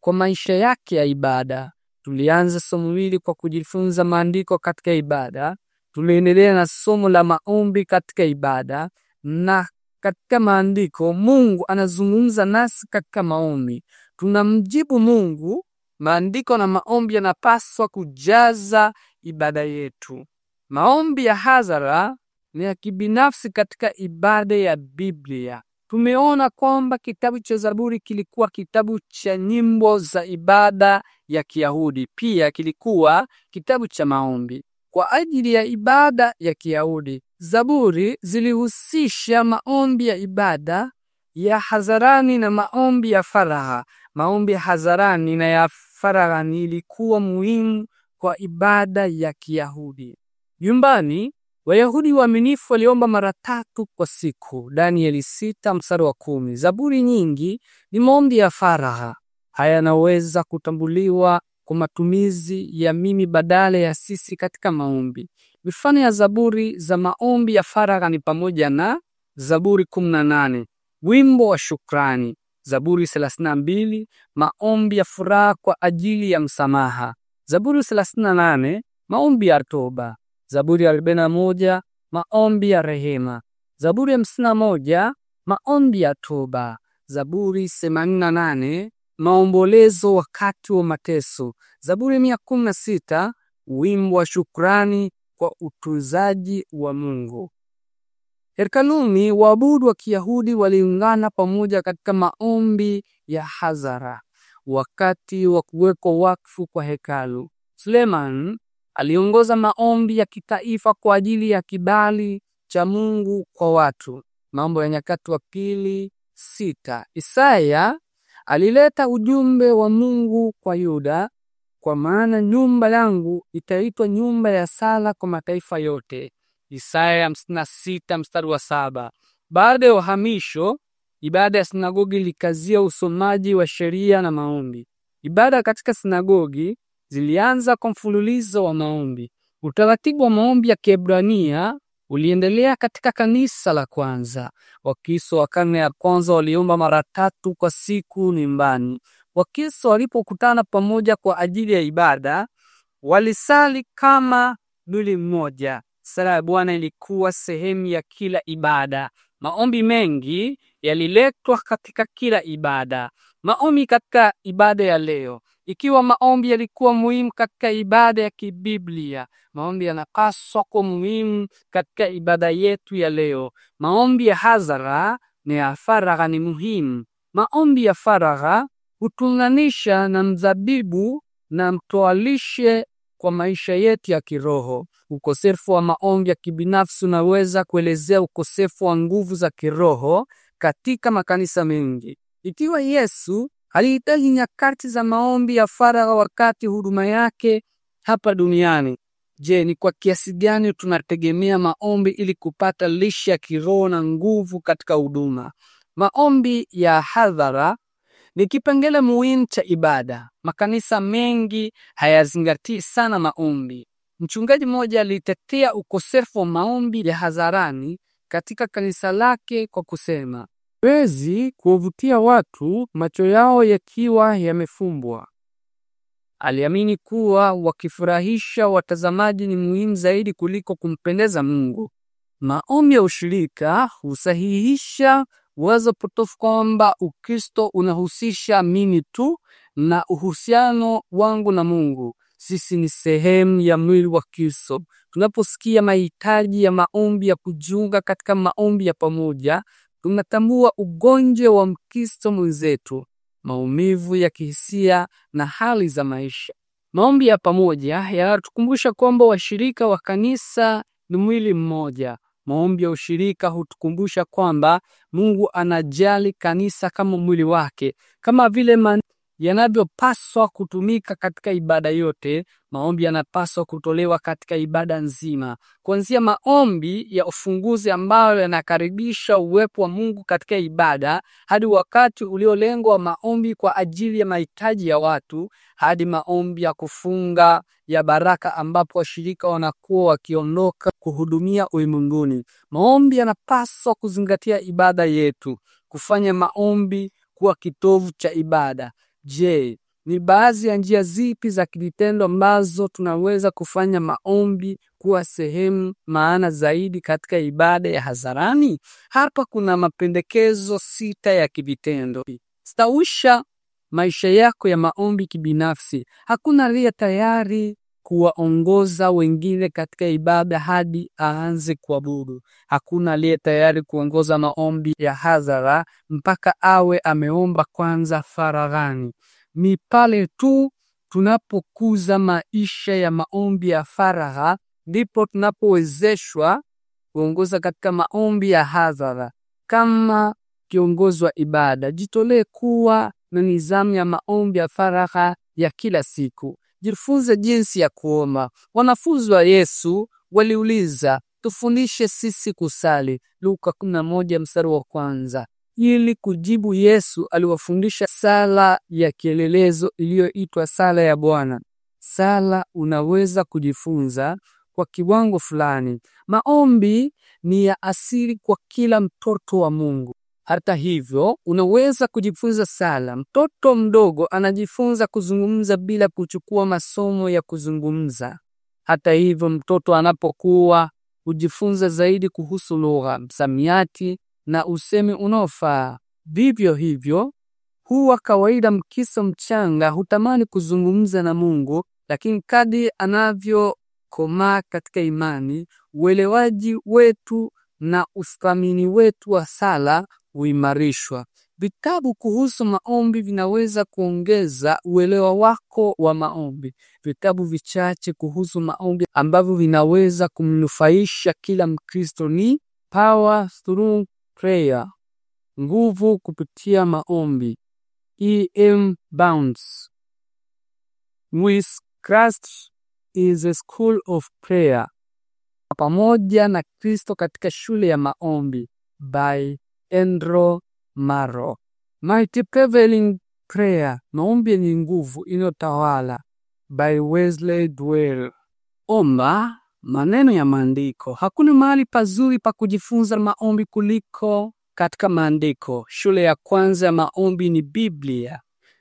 kwa maisha yake ya ibada. Tulianza somo hili kwa kujifunza maandiko katika ibada, tuliendelea na somo la maombi katika ibada, na katika maandiko Mungu anazungumza nasi katika maombi tunamjibu Mungu. Maandiko na maombi yanapaswa kujaza ibada yetu. Maombi ya hadhara ni ya kibinafsi katika ibada ya Biblia. Tumeona kwamba kitabu cha Zaburi kilikuwa kitabu cha nyimbo za ibada ya Kiyahudi, pia kilikuwa kitabu cha maombi kwa ajili ya ibada ya Kiyahudi. Zaburi zilihusisha maombi ya ibada ya hadharani na maombi ya faraha Maombi ya hadharani na ya faraha ilikuwa muhimu kwa ibada ya Kiyahudi. Nyumbani, Wayahudi waaminifu waliomba mara tatu kwa siku, Danieli sita mstari wa kumi. Zaburi nyingi ni maombi ya faraha. Haya yanaweza kutambuliwa kwa matumizi ya mimi badala ya sisi katika maombi. Mifano ya zaburi za maombi ya faragha ni pamoja na Zaburi nane Wimbo wa shukrani, Zaburi 32, maombi ya furaha kwa ajili ya msamaha, Zaburi 38, maombi ya toba, Zaburi ya 41, maombi ya rehema, Zaburi ya 51, maombi ya toba, Zaburi 88, maombolezo wakati wa mateso, Zaburi 116, wimbo wa shukrani kwa utunzaji wa Mungu. Hekaluni, waabudu wa Kiyahudi waliungana pamoja katika maombi ya hadhara wakati wa kuwekwa wakfu kwa hekalu. Suleman aliongoza maombi ya kitaifa kwa ajili ya kibali cha Mungu kwa watu. Mambo ya Nyakati wa Pili sita. Isaya alileta ujumbe wa Mungu kwa Yuda, kwa maana nyumba yangu itaitwa nyumba ya sala kwa mataifa yote. Isaya hamsini sita mstari wa saba. Baada ya uhamisho, ibada ya sinagogi ilikazia usomaji wa sheria na maombi. Ibada katika sinagogi zilianza kwa mfululizo wa maombi. Utaratibu wa maombi ya Kiebrania uliendelea katika kanisa la kwanza. Wakristo wa karne ya kwanza waliomba mara tatu kwa siku nyumbani. Wakristo walipokutana pamoja kwa ajili ya ibada, walisali kama mwili mmoja. Sala ya Bwana ilikuwa sehemu ya kila ibada. Maombi mengi yaliletwa katika kila ibada. Maombi katika ibada ya leo, ikiwa maombi yalikuwa muhimu katika ibada ya kibiblia, maombi yanapaswa kuwa muhimu katika ibada yetu ya leo. Maombi ya hadhara na ya faragha ni muhimu. Maombi ya faragha hutunganisha na mzabibu na mtoalishe kwa maisha yetu ya kiroho. Ukosefu wa maombi ya kibinafsi unaweza kuelezea ukosefu wa nguvu za kiroho katika makanisa mengi. Ikiwa Yesu alihitaji nyakati za maombi ya faragha wakati huduma yake hapa duniani, je, ni kwa kiasi gani tunategemea maombi ili kupata lishe ya kiroho na nguvu katika huduma? Maombi ya hadhara ni kipengele muhimu cha ibada. Makanisa mengi hayazingatii sana maombi. Mchungaji mmoja alitetea ukosefu wa maombi ya hadharani katika kanisa lake kwa kusema, wezi kuwavutia watu macho yao yakiwa yamefumbwa. Aliamini kuwa wakifurahisha watazamaji ni muhimu zaidi kuliko kumpendeza Mungu. Maombi ya ushirika husahihisha uweze kutofu kwamba Ukristo unahusisha mimi tu na uhusiano wangu na Mungu. Sisi ni sehemu ya mwili wa Kristo. Tunaposikia mahitaji ya maombi ya kujiunga katika maombi ya pamoja, tunatambua ugonjwa wa Mkristo mwenzetu, maumivu ya kihisia na hali za maisha. Maombi ya pamoja yanatukumbusha kwamba washirika wa kanisa ni mwili mmoja. Maombi ya ushirika hutukumbusha kwamba Mungu anajali kanisa kama mwili wake, kama vile yanavyopaswa kutumika katika ibada yote. Maombi yanapaswa kutolewa katika ibada nzima, kuanzia maombi ya ufunguzi ambayo yanakaribisha uwepo wa Mungu katika ibada hadi wakati uliolengwa maombi kwa ajili ya mahitaji ya watu, hadi maombi ya kufunga ya baraka ambapo washirika wanakuwa wakiondoka kuhudumia ulimwenguni. Maombi yanapaswa kuzingatia ibada yetu, kufanya maombi kuwa kitovu cha ibada. Je, ni baadhi ya njia zipi za kivitendo ambazo tunaweza kufanya maombi kuwa sehemu maana zaidi katika ibada ya hadharani? Hapa kuna mapendekezo sita ya kivitendo. Stawisha maisha yako ya maombi kibinafsi. Hakuna ria tayari kuwaongoza wengine katika ibada hadi aanze kuabudu. Hakuna aliye tayari kuongoza maombi ya hadhara mpaka awe ameomba kwanza faraghani. Ni pale tu tunapokuza maisha ya maombi ya faragha, ndipo tunapowezeshwa kuongoza katika maombi ya hadhara. Kama kiongozi wa ibada, jitolee kuwa na nizamu ya maombi ya faragha ya kila siku jifunze jinsi ya kuomba. Wanafunzi wa Yesu waliuliza, tufundishe sisi kusali, Luka 11 mstari wa kwanza. Ili kujibu, Yesu aliwafundisha sala ya kielelezo iliyoitwa sala ya Bwana. Sala unaweza kujifunza kwa kiwango fulani. Maombi ni ya asili kwa kila mtoto wa Mungu. Hata hivyo, unaweza kujifunza sala. Mtoto mdogo anajifunza kuzungumza bila kuchukua masomo ya kuzungumza. Hata hivyo, mtoto anapokuwa hujifunza zaidi kuhusu lugha, msamiati na usemi unaofaa. Vivyo hivyo, huwa kawaida mkiso mchanga hutamani kuzungumza na Mungu, lakini kadi anavyokomaa katika imani, uelewaji wetu na uthamini wetu wa sala huimarishwa. Vitabu kuhusu maombi vinaweza kuongeza uelewa wako wa maombi. Vitabu vichache kuhusu maombi ambavyo vinaweza kumnufaisha kila Mkristo ni Power Through Prayer, Nguvu kupitia maombi, E. Bounds, With Christ is a School of Prayer, pamoja na Kristo katika shule ya maombi by Enro Maro. prevailing Prayer, maombi yenye nguvu inayotawala by Wesley Dwell. Omba maneno ya maandiko. Hakuna mahali pazuri pa kujifunza maombi kuliko katika maandiko. Shule ya kwanza ya maombi ni Biblia.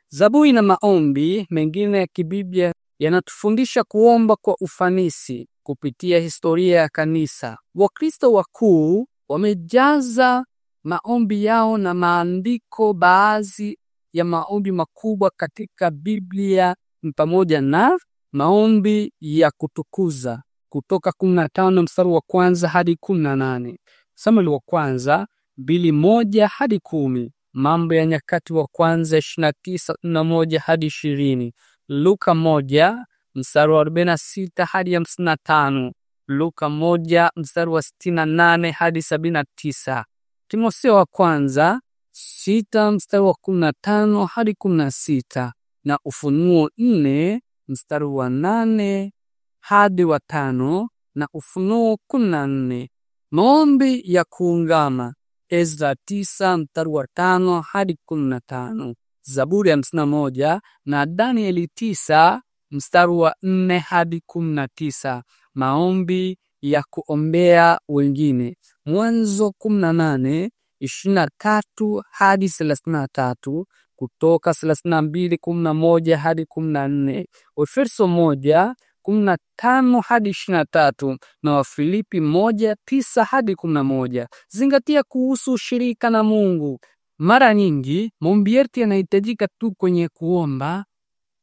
Zaburi na maombi mengine ya kibiblia yanatufundisha kuomba kwa ufanisi kupitia historia ya kanisa. Wakristo wakuu wamejaza maombi yao na maandiko. Baadhi ya maombi makubwa katika Biblia ni pamoja na maombi ya kutukuza kutoka 15 mstari wa kwanza hadi 18, Samueli wa kwanza mbili moja hadi kumi, Mambo ya Nyakati wa kwanza 29:1 hadi 20, Luka moja mstari wa 46 hadi 55, Luka moja mstari wa 68 hadi 79. Timotheo wa kwanza sita mstari wa kumi na tano hadi kumi na sita na Ufunuo nne mstari wa nane hadi wa tano na Ufunuo kumi na nne. Maombi ya kuungama Ezra tisa mstari wa tano hadi kumi na tano. Zaburi ya hamsini na moja na Danieli tisa mstari wa nne hadi kumi na tisa. Maombi ya kuombea wengine. Mwanzo kumi na nane ishirini na tatu hadi thelathini na tatu Kutoka thelathini na mbili kumi na moja hadi kumi na nne Waefeso moja kumi na tano hadi ishirini na tatu na Wafilipi moja tisa hadi kumi na moja Zingatia kuhusu ushirika na Mungu. Mara nyingi maombi yetu yanahitajika tu kwenye kuomba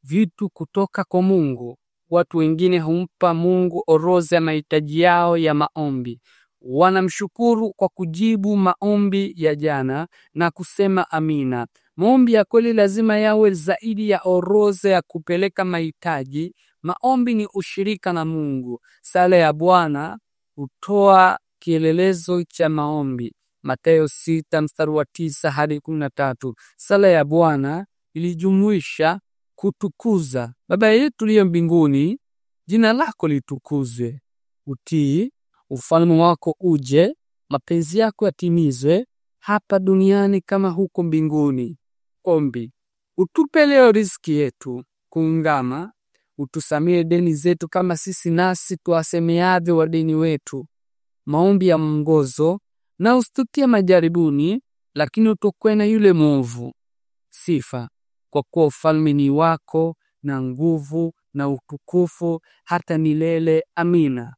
vitu kutoka kwa Mungu. Watu wengine humpa Mungu orodha ya mahitaji yao ya maombi. Wanamshukuru kwa kujibu maombi ya jana na kusema amina. Maombi ya kweli lazima yawe zaidi ya orodha ya kupeleka mahitaji. Maombi ni ushirika na Mungu. Sala ya Bwana hutoa kielelezo cha maombi. Mateo sita mstari wa hadi 13. Sala ya Bwana ilijumuisha kutukuza. Baba yetu liyo mbinguni, jina lako litukuzwe, utii ufalme wako uje, mapenzi yako yatimizwe hapa duniani kama huko mbinguni. Ombi: utupe leo riziki yetu. Kuungama: utusamie deni zetu kama sisi nasi tuwasemeavyo wadeni wetu. Maombi ya mwongozo: na usitutie majaribuni, lakini utokwena yule mwovu. Sifa: kwa kuwa ufalme ni wako na nguvu na utukufu hata milele. Amina.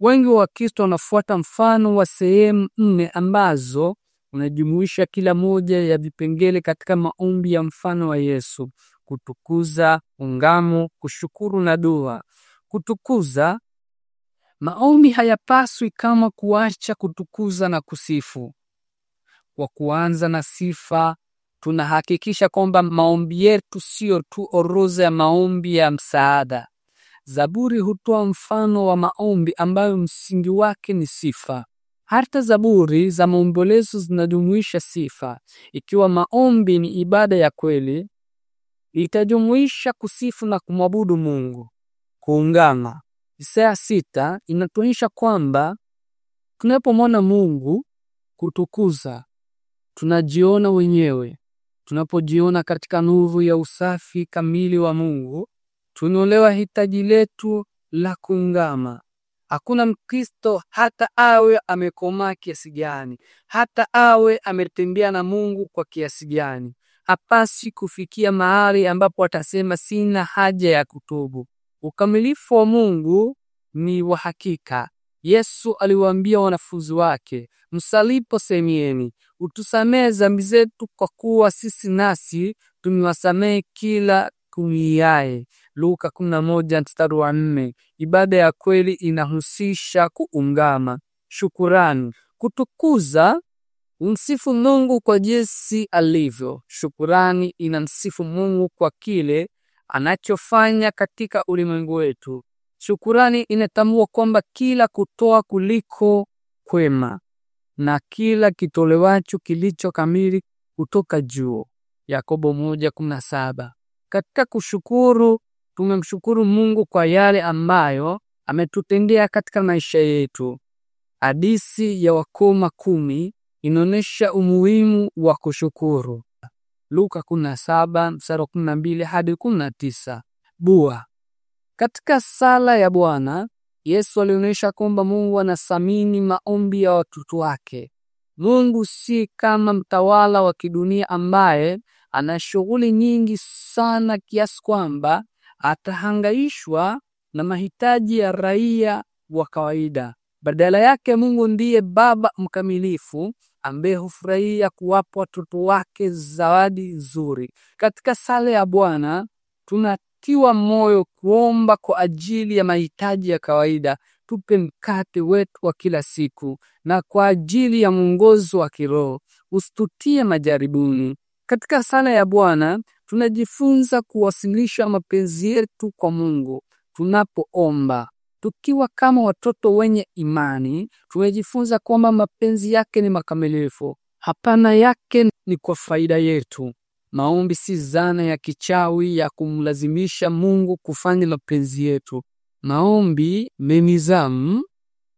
Wengi wa Wakristo wanafuata mfano wa sehemu nne ambazo unajumuisha kila moja ya vipengele katika maombi ya mfano wa Yesu: kutukuza, ungamo, kushukuru na dua. Kutukuza. Maombi hayapaswi kama kuacha kutukuza na kusifu, kwa kuanza na sifa tunahakikisha kwamba maombi yetu sio tu orodha ya maombi ya msaada. Zaburi hutoa mfano wa maombi ambayo msingi wake ni sifa. Hata zaburi za maombolezo zinajumuisha sifa. Ikiwa maombi ni ibada ya kweli, itajumuisha kusifu na kumwabudu Mungu. Kuungama. Isaya sita inatuonyesha kwamba tunapomwona Mungu kutukuza, tunajiona wenyewe Tunapojiona katika nuru ya usafi kamili wa Mungu, tunaolewa hitaji letu la kungama. Hakuna Mkristo hata awe amekomaa kiasi gani, hata awe ametembea na Mungu kwa kiasi gani, hapasi kufikia mahali ambapo atasema sina haja ya kutubu. Ukamilifu wa Mungu ni wa hakika. Yesu aliwaambia wanafunzi wake, msalipo semieni, utusamehe dhambi zetu, kwa kuwa sisi nasi tumiwasamehe kila tumiaye. Luka 11:4. Ibada ya kweli inahusisha kuungama, shukurani, kutukuza msifu Mungu kwa jinsi alivyo. Shukurani inamsifu Mungu kwa kile anachofanya katika ulimwengu wetu. Shukurani inatambua kwamba kila kutoa kuliko kwema na kila kitolewacho kilicho kamili kutoka juu. Yakobo 1:17. Katika kushukuru, tumemshukuru Mungu kwa yale ambayo ametutendea katika maisha yetu. Hadisi ya wakoma kumi inaonyesha umuhimu wa kushukuru. Luka 17:12 hadi 19. Bua katika sala ya Bwana, Yesu alionyesha kwamba Mungu anathamini maombi ya watoto wake. Mungu si kama mtawala wa kidunia ambaye ana shughuli nyingi sana kiasi kwamba atahangaishwa na mahitaji ya raia wa kawaida. Badala yake, Mungu ndiye baba mkamilifu ambaye hufurahia kuwapa watoto wake zawadi nzuri. Katika sala ya Bwana tuna Tukiwa moyo kuomba kwa ajili ya mahitaji ya kawaida, tupe mkate wetu wa kila siku, na kwa ajili ya mwongozo wa kiroho usitutie majaribuni. Katika sala ya Bwana tunajifunza kuwasilisha mapenzi yetu kwa Mungu tunapoomba. Tukiwa kama watoto wenye imani, tumejifunza kwamba mapenzi yake ni makamilifu, hapana yake ni kwa faida yetu. Maombi si zana ya kichawi ya kumlazimisha Mungu kufanya mapenzi yetu. Maombi ni nizamu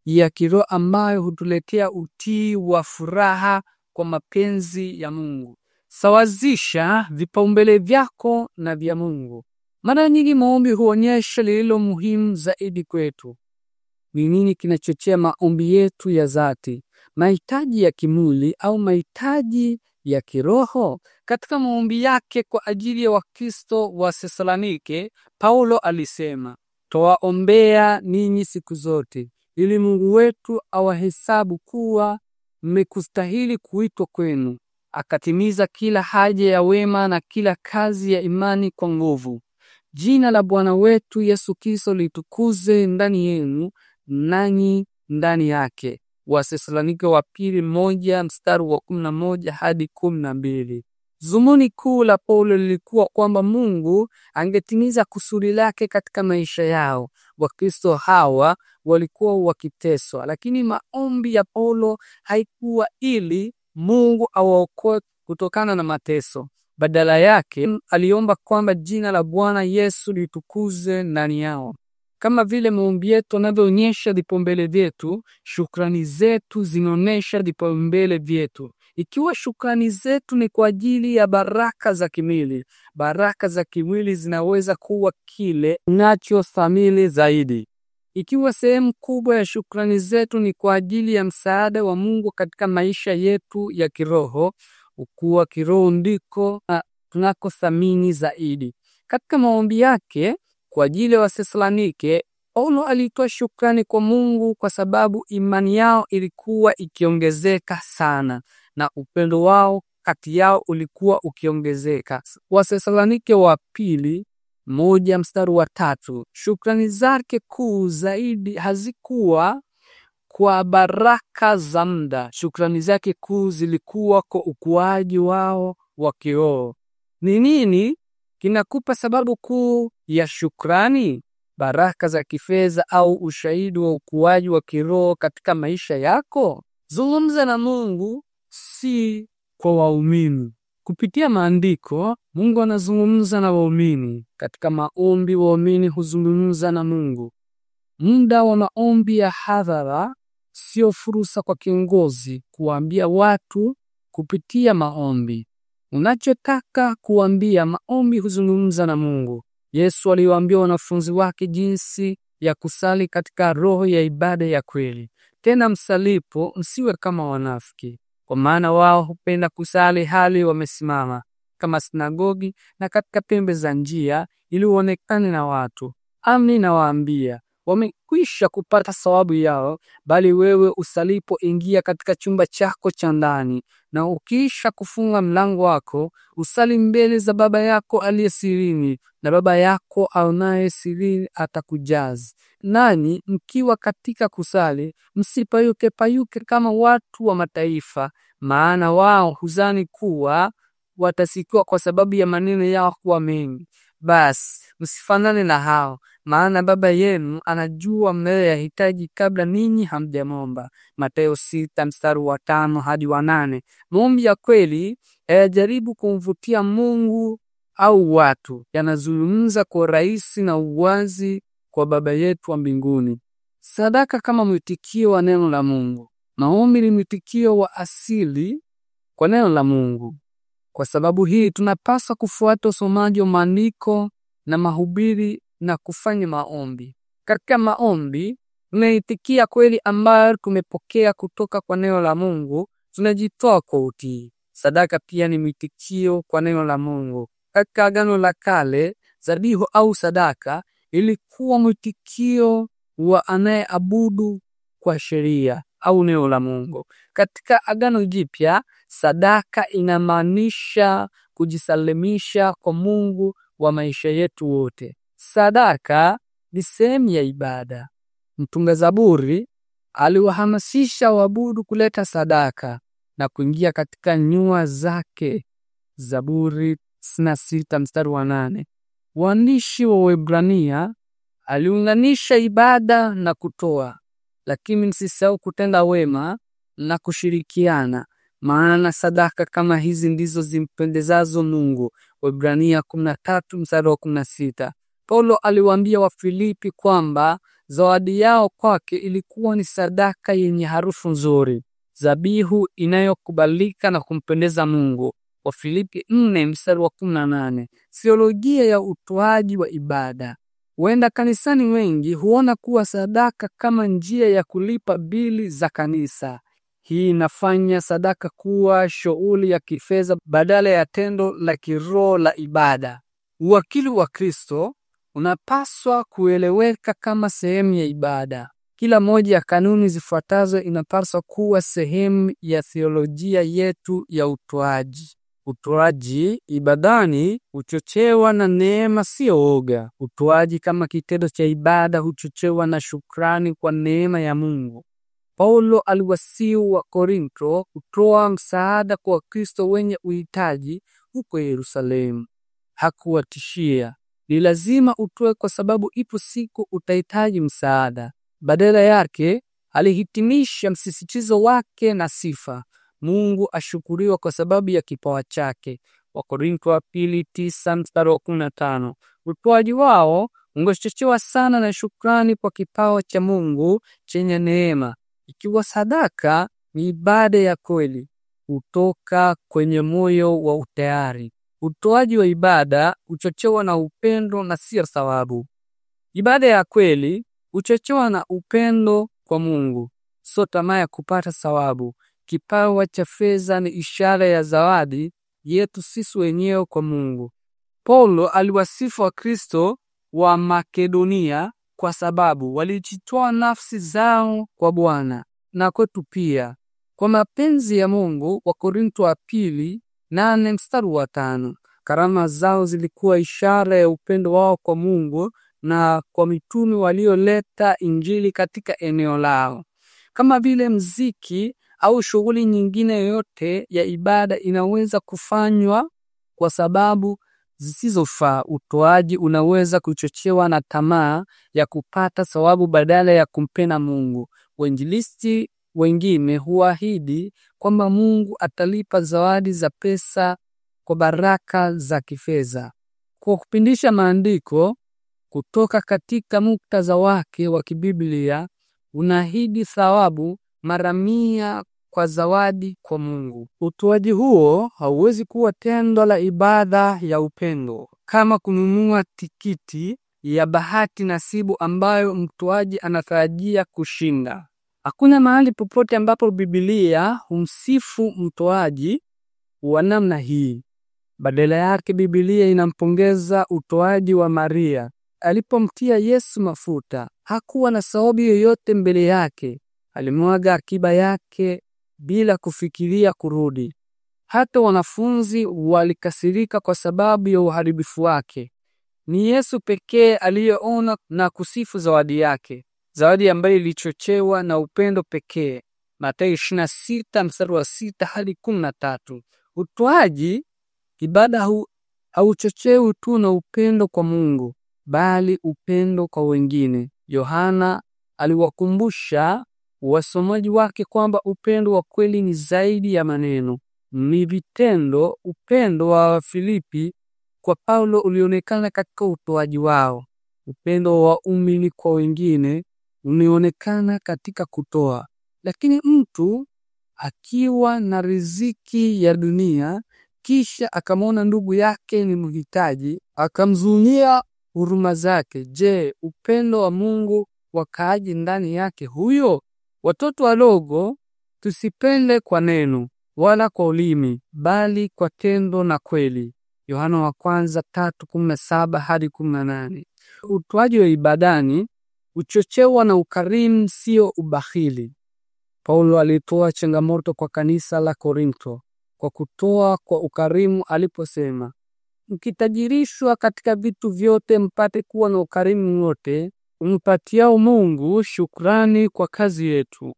ya kiroho ambayo hutuletea utii wa furaha kwa mapenzi ya Mungu. Sawazisha vipaumbele vyako na vya Mungu. Mara nyingi maombi huonyesha lililo muhimu zaidi kwetu. Ni nini kinachochea maombi yetu ya dhati? Mahitaji ya kimwili au mahitaji ya kiroho katika maombi yake kwa ajili ya Wakristo wa Wathesalonike, Paulo alisema, twawaombea ninyi siku zote ili Mungu wetu awahesabu kuwa mmekustahili kuitwa kwenu, akatimiza kila haja ya wema na kila kazi ya imani kwa nguvu. Jina la Bwana wetu Yesu Kristo litukuze ndani yenu, nanyi ndani yake Wathesalonike wa pili moja mstari wa kumi na moja hadi kumi na mbili. Zumuni kuu la Paulo lilikuwa kwamba Mungu angetimiza kusudi lake katika maisha yao. Wakristo hawa walikuwa wakiteswa, lakini maombi ya Paulo haikuwa ili Mungu awaokoe kutokana na mateso. Badala yake aliomba kwamba jina la Bwana Yesu litukuze ndani yao. Kama vile maombi yetu anavyoonyesha vipaumbele vyetu, shukrani zetu zinaonyesha vipaumbele vyetu. Ikiwa shukrani zetu ni kwa ajili ya baraka za kimwili, baraka za kimwili zinaweza kuwa kile unachothamini zaidi. Ikiwa sehemu kubwa ya shukrani zetu ni kwa ajili ya msaada wa Mungu katika maisha yetu ya kiroho, ukuwa kiroho ndiko ah, tunakothamini zaidi. Katika maombi yake kwa ajili ya Wathesalonike, Paulo alitoa shukrani kwa Mungu kwa sababu imani yao ilikuwa ikiongezeka sana na upendo wao kati yao ulikuwa ukiongezeka. Wathesalonike wa pili moja mstari wa tatu. Shukrani zake kuu zaidi hazikuwa kwa baraka za muda. Shukrani zake kuu zilikuwa kwa ukuaji wao wa kiroho. Ni nini kinakupa sababu kuu ya shukrani, baraka za kifedha au ushahidi wa ukuaji wa kiroho katika maisha yako. Zungumza na Mungu, si kwa waumini. Kupitia maandiko, Mungu anazungumza na waumini. Katika maombi, waumini huzungumza na Mungu. Muda wa maombi ya hadhara sio fursa kwa kiongozi kuwaambia watu kupitia maombi Unachotaka kuambia maombi huzungumza na Mungu. Yesu aliwaambia wanafunzi wake jinsi ya kusali katika roho ya ibada ya kweli. Tena msalipo, msiwe kama wanafiki, kwa maana wao hupenda kusali hali wamesimama kama sinagogi na katika pembe za njia ili uonekane na watu. Amni nawaambia, wame wamekwisha kupata sawabu yao, bali wewe usalipoingia katika chumba chako cha ndani na ukiisha kufunga mlango wako, usali mbele za Baba yako aliye sirini, na Baba yako aonaye sirini atakujazi. Nani mkiwa katika kusali, msipayuke payuke kama watu wa mataifa, maana wao huzani kuwa watasikiwa kwa sababu ya maneno yao kuwa mengi. Basi msifanane na hao, maana Baba yenu anajua yahitaji kabla ninyi hamjamomba. Mateo sita mstari wa tano hadi wa nane. Maombi ya kweli hayajaribu kumvutia Mungu au watu, yanazungumza kwa rahisi na uwazi kwa Baba yetu wa mbinguni. Sadaka kama mwitikio wa neno la Mungu. Maombi ni mwitikio wa asili kwa neno la Mungu. Kwa sababu hii tunapaswa kufuata usomaji wa maandiko na mahubiri na kufanya maombi. Katika maombi tunaitikia kweli ambayo tumepokea kutoka kwa neno la Mungu, tunajitoa kwa utii. Sadaka pia ni mwitikio kwa neno la Mungu. Katika Agano la Kale, dhabihu au sadaka ilikuwa mwitikio wa anayeabudu kwa sheria au neno la Mungu. Katika Agano Jipya, sadaka inamaanisha kujisalimisha kwa Mungu wa maisha yetu wote. Sadaka ni sehemu ya ibada. Mtunga Zaburi aliwahamasisha wabudu kuleta sadaka na kuingia katika nyua zake. Zaburi 66 mstari wa nane. Waandishi wa Waebrania aliunganisha ibada na kutoa, lakini msisahau kutenda wema na kushirikiana, maana sadaka kama hizi ndizo zimpendezazo Mungu. Waebrania 13 mstari wa 16. Paulo aliwaambia Wafilipi kwamba zawadi yao kwake ilikuwa ni sadaka yenye harufu nzuri, zabihu inayokubalika na kumpendeza Mungu. Wafilipi 4 mstari wa 18. Theolojia ya utoaji wa ibada. Huenda kanisani wengi huona kuwa sadaka kama njia ya kulipa bili za kanisa. Hii inafanya sadaka kuwa shughuli ya kifedha badala ya tendo la kiroho la ibada. Uwakili wa Kristo unapaswa kueleweka kama sehemu ya ibada. Kila moja ya kanuni zifuatazo inapaswa kuwa sehemu ya theolojia yetu ya utoaji. Utoaji ibadani huchochewa na neema, sio oga. Utoaji kama kitendo cha ibada huchochewa na shukrani kwa neema ya Mungu. Paulo aliwasihi wa Korinto kutoa msaada kwa Wakristo wenye uhitaji huko Yerusalemu. Hakuwatishia, ni lazima utoe kwa sababu ipo siku utahitaji msaada. Badala yake, alihitimisha msisitizo wake na sifa. Mungu ashukuriwa kwa sababu ya kipawa chake. Wakorintho wa pili tisa mstari wa kumi na tano. Utoaji wao ungechochewa sana na shukrani kwa kipawa cha Mungu chenye neema ikiwa sadaka ni ibada ya kweli kutoka kwenye moyo wa utayari. Utoaji wa ibada uchochewa na upendo na si thawabu. Ibada ya kweli uchochewa na upendo kwa Mungu, sio tamaa ya kupata thawabu. Kipawa cha fedha ni ishara ya zawadi yetu sisi wenyewe kwa Mungu. Paulo aliwasifu Wakristo wa Makedonia kwa sababu walijitoa nafsi zao kwa Bwana na kwetu pia kwa mapenzi ya Mungu. Wakorintho wa pili nane mstari wa tano. Karama zao zilikuwa ishara ya upendo wao kwa Mungu na kwa mitume walioleta injili katika eneo lao. Kama vile mziki au shughuli nyingine yoyote ya ibada inaweza kufanywa kwa sababu zisizofaa. Utoaji unaweza kuchochewa na tamaa ya kupata thawabu badala ya kumpenda Mungu. Wainjilisti wengine huahidi kwamba Mungu atalipa zawadi za pesa kwa baraka za kifedha. Kwa kupindisha maandiko kutoka katika muktadha wake wa kibiblia, unaahidi thawabu mara mia kwa zawadi kwa Mungu. Utoaji huo hauwezi kuwa tendo la ibada ya upendo kama kununua tikiti ya bahati nasibu ambayo mtoaji anatarajia kushinda. Hakuna mahali popote ambapo Biblia humsifu mtoaji wa namna hii. Badala yake, Biblia inampongeza utoaji wa Maria. Alipomtia Yesu mafuta, hakuwa na sababu yoyote mbele yake. Alimwaga akiba yake bila kufikiria kurudi. Hata wanafunzi walikasirika kwa sababu ya uharibifu wake. Ni Yesu pekee aliyeona na kusifu zawadi yake, zawadi ambayo ilichochewa na upendo pekee. Mathayo 26 mstari wa hadi 13. Utwaji ibada hu, hauchochewi tu na upendo kwa Mungu, bali upendo kwa wengine. Yohana aliwakumbusha wasomaji wake kwamba upendo wa kweli ni zaidi ya maneno, ni vitendo. Upendo wa Wafilipi kwa Paulo ulionekana katika utoaji wao. Upendo wa umini kwa wengine ulionekana katika kutoa. Lakini mtu akiwa na riziki ya dunia kisha akamwona ndugu yake ni mhitaji, akamzunia huruma zake. Je, upendo wa Mungu wakaaji ndani yake huyo? Watoto wadogo, tusipende kwa neno wala kwa ulimi, bali kwa tendo na kweli. Yohana wa kwanza tatu kumi na saba hadi kumi na nane. Utoaji wa ibadani uchochewa na ukarimu, sio ubahili. Paulo alitoa changamoto kwa kanisa la Korinto kwa kutoa kwa ukarimu aliposema, mkitajirishwa katika vitu vyote mpate kuwa na ukarimu wote umpatiao Mungu shukrani kwa kazi yetu.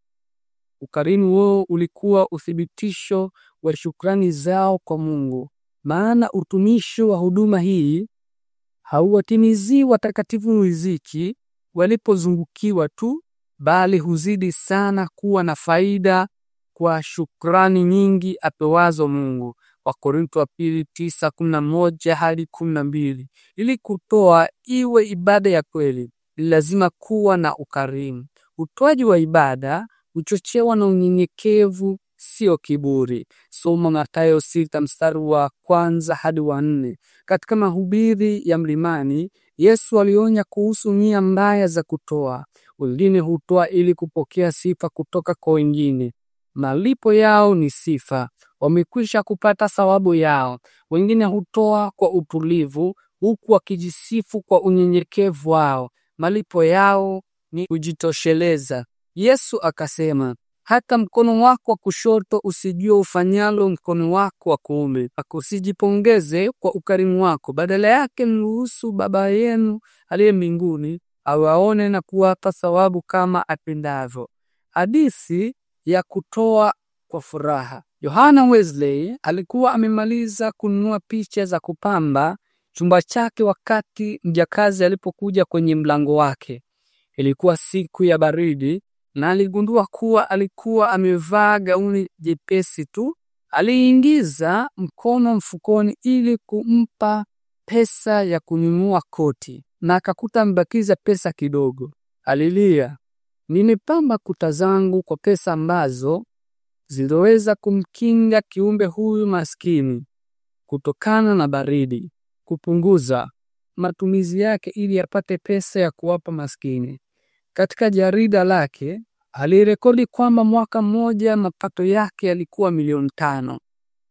Ukarimu wao ulikuwa uthibitisho wa shukrani zao kwa Mungu, maana utumishi wa huduma hii hauwatimizii watakatifu riziki walipozungukiwa tu, bali huzidi sana kuwa na faida kwa shukrani nyingi apewazo Mungu. wa pili tisa kumi na moja hadi kumi na mbili. Ili kutoa iwe ibada ya kweli, lazima kuwa na ukarimu. Utoaji wa ibada huchochewa na unyenyekevu, sio kiburi. Soma Mathayo sita mstari wa kwanza hadi wa nne. Katika mahubiri ya mlimani, Yesu alionya kuhusu nia mbaya za kutoa. Wengine hutoa ili kupokea sifa kutoka kwa wengine. Malipo yao ni sifa, wamekwisha kupata thawabu yao. Wengine hutoa kwa utulivu, huku wakijisifu kwa unyenyekevu wao malipo yao ni kujitosheleza. Yesu akasema, hata mkono wako wa kushoto usijue ufanyalo mkono wako wa kuume, akusijipongeze kwa ukarimu wako. Badala yake mruhusu Baba yenu aliye mbinguni awaone na kuwapa thawabu kama apendavyo. Hadithi ya kutoa kwa furaha. Yohana Wesley alikuwa amemaliza kununua picha za kupamba chumba chake wakati mjakazi alipokuja kwenye mlango wake. Ilikuwa siku ya baridi na aligundua kuwa alikuwa amevaa gauni jepesi tu. Aliingiza mkono mfukoni ili kumpa pesa ya kununua koti na akakuta amebakiza pesa kidogo. Alilia, nimepamba kuta zangu kwa pesa ambazo zilizoweza kumkinga kiumbe huyu maskini kutokana na baridi kupunguza matumizi yake ili apate pesa ya kuwapa maskini. Katika jarida lake alirekodi kwamba mwaka mmoja mapato yake yalikuwa milioni tano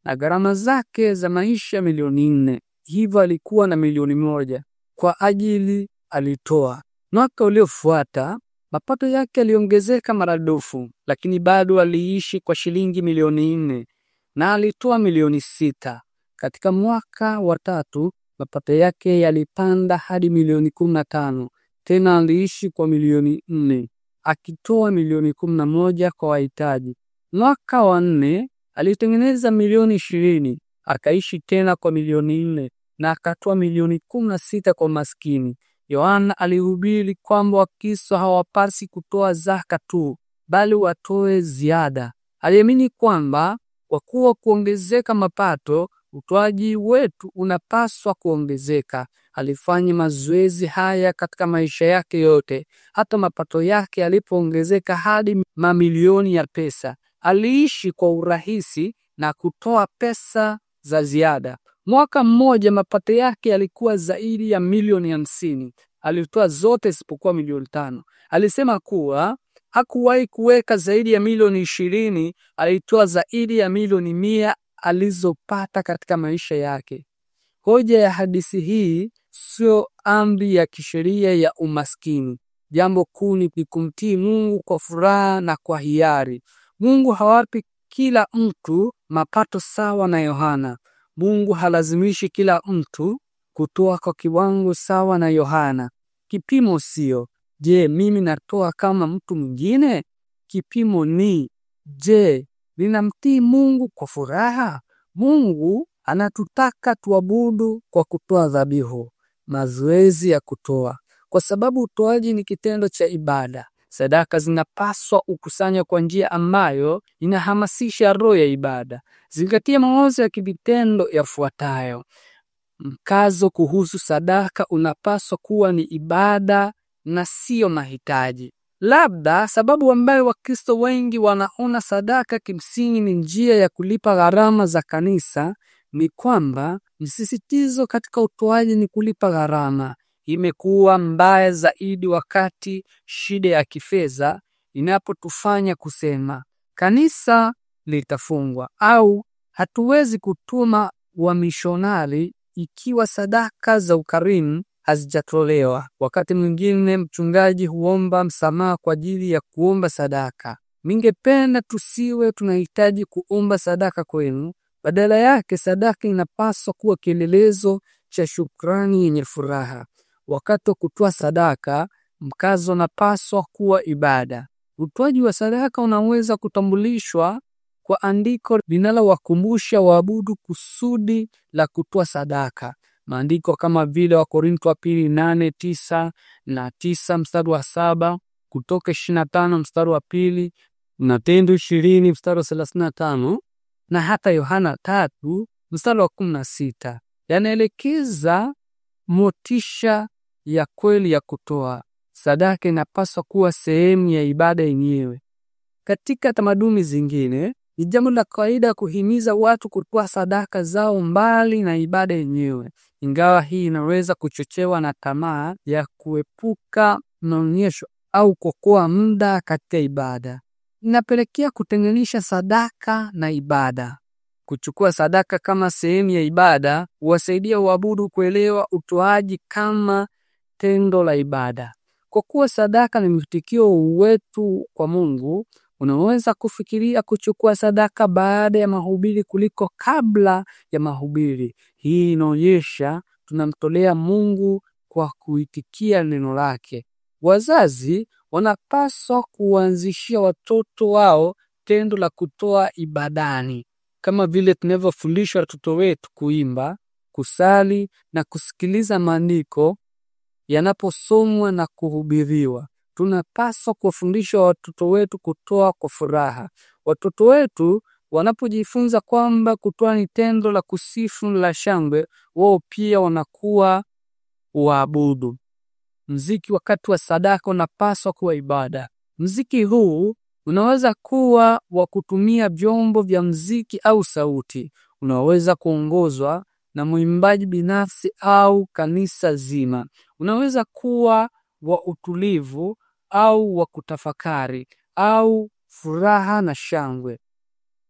na gharama zake za maisha milioni nne, hivyo alikuwa na milioni moja kwa ajili alitoa. Mwaka uliofuata mapato yake yaliongezeka maradufu, lakini bado aliishi kwa shilingi milioni nne na alitoa milioni sita. Katika mwaka wa tatu mapato yake yalipanda hadi milioni kumi na tano. Tena aliishi kwa milioni nne akitoa milioni kumi na moja kwa wahitaji. Mwaka wa nne alitengeneza milioni ishirini akaishi tena kwa milioni nne na akatoa milioni kumi na sita kwa maskini. Yohana alihubiri kwamba Wakristo hawapasi kutoa zaka tu, bali watoe ziada. Aliamini kwamba kwa kuwa kuongezeka mapato Utoaji wetu unapaswa kuongezeka. Alifanya mazoezi haya katika maisha yake yote, hata mapato yake alipoongezeka hadi mamilioni ya pesa, aliishi kwa urahisi na kutoa pesa za ziada. Mwaka mmoja mapato yake yalikuwa zaidi ya milioni hamsini. Alitoa zote isipokuwa milioni tano. Alisema kuwa hakuwahi kuweka zaidi ya milioni ishirini. Alitoa zaidi ya milioni mia alizopata katika maisha yake. Hoja ya hadithi hii sio amri ya kisheria ya umaskini. Jambo kuu ni kumtii Mungu kwa furaha na kwa hiari. Mungu hawapi kila mtu mapato sawa na Yohana. Mungu halazimishi kila mtu kutoa kwa kiwango sawa na Yohana. Kipimo sio je, mimi natoa kama mtu mwingine. Kipimo ni je, linamtii Mungu kwa furaha. Mungu anatutaka tuabudu kwa kutoa dhabihu, mazoezi ya kutoa, kwa sababu utoaji ni kitendo cha ibada. Sadaka zinapaswa ukusanywa kwa njia ambayo inahamasisha roho ya ibada. Zingatia mawazo ya kivitendo yafuatayo. Mkazo kuhusu sadaka unapaswa kuwa ni ibada na siyo mahitaji. Labda sababu ambayo Wakristo wengi wanaona sadaka kimsingi ni njia ya kulipa gharama za kanisa ni kwamba msisitizo katika utoaji ni kulipa gharama. Imekuwa mbaya zaidi wakati shida ya kifedha inapotufanya kusema kanisa litafungwa au hatuwezi kutuma wamishonari ikiwa sadaka za ukarimu hazijatolewa. Wakati mwingine mchungaji huomba msamaha kwa ajili ya kuomba sadaka. Ningependa tusiwe tunahitaji kuomba sadaka kwenu. Badala yake, sadaka inapaswa kuwa kielelezo cha shukrani yenye furaha. Wakati wa kutoa sadaka, mkazo unapaswa kuwa ibada. Utoaji wa sadaka unaweza kutambulishwa kwa andiko linalowakumbusha waabudu kusudi la kutoa sadaka maandiko kama vile Wakorintho wa pili nane tisa na tisa mstari wa saba Kutoka ishirini na tano mstari wa pili Tendo ishirini mstari wa thelathini na tano na hata Yohana tatu mstari wa kumi na sita yanaelekeza motisha ya kweli ya kutoa sadaka. Inapaswa kuwa sehemu ya ibada yenyewe. Katika tamaduni zingine ni jambo la kawaida kuhimiza watu kutoa sadaka zao mbali na ibada yenyewe, ingawa hii inaweza kuchochewa na tamaa ya kuepuka maonyesho au kuokoa muda katika ibada. Inapelekea kutenganisha sadaka na ibada. Kuchukua sadaka kama sehemu ya ibada huwasaidia waabudu kuelewa utoaji kama tendo la ibada, kwa kuwa sadaka ni mwitikio wetu kwa Mungu. Unaweza kufikiria kuchukua sadaka baada ya mahubiri kuliko kabla ya mahubiri. Hii inaonyesha tunamtolea Mungu kwa kuitikia neno lake. Wazazi wanapaswa kuwaanzishia watoto wao tendo la kutoa ibadani, kama vile tunavyofundishwa watoto wetu kuimba, kusali na kusikiliza maandiko yanaposomwa na kuhubiriwa tunapaswa kuwafundisha watoto wetu kutoa kwa furaha. Watoto wetu wanapojifunza kwamba kutoa ni tendo la kusifu la shangwe, wao pia wanakuwa waabudu. Mziki wakati wa sadaka unapaswa kuwa ibada. Mziki huu unaweza kuwa wa kutumia vyombo vya mziki au sauti. Unaweza kuongozwa na mwimbaji binafsi au kanisa zima. Unaweza kuwa wa utulivu au wa kutafakari au furaha na shangwe.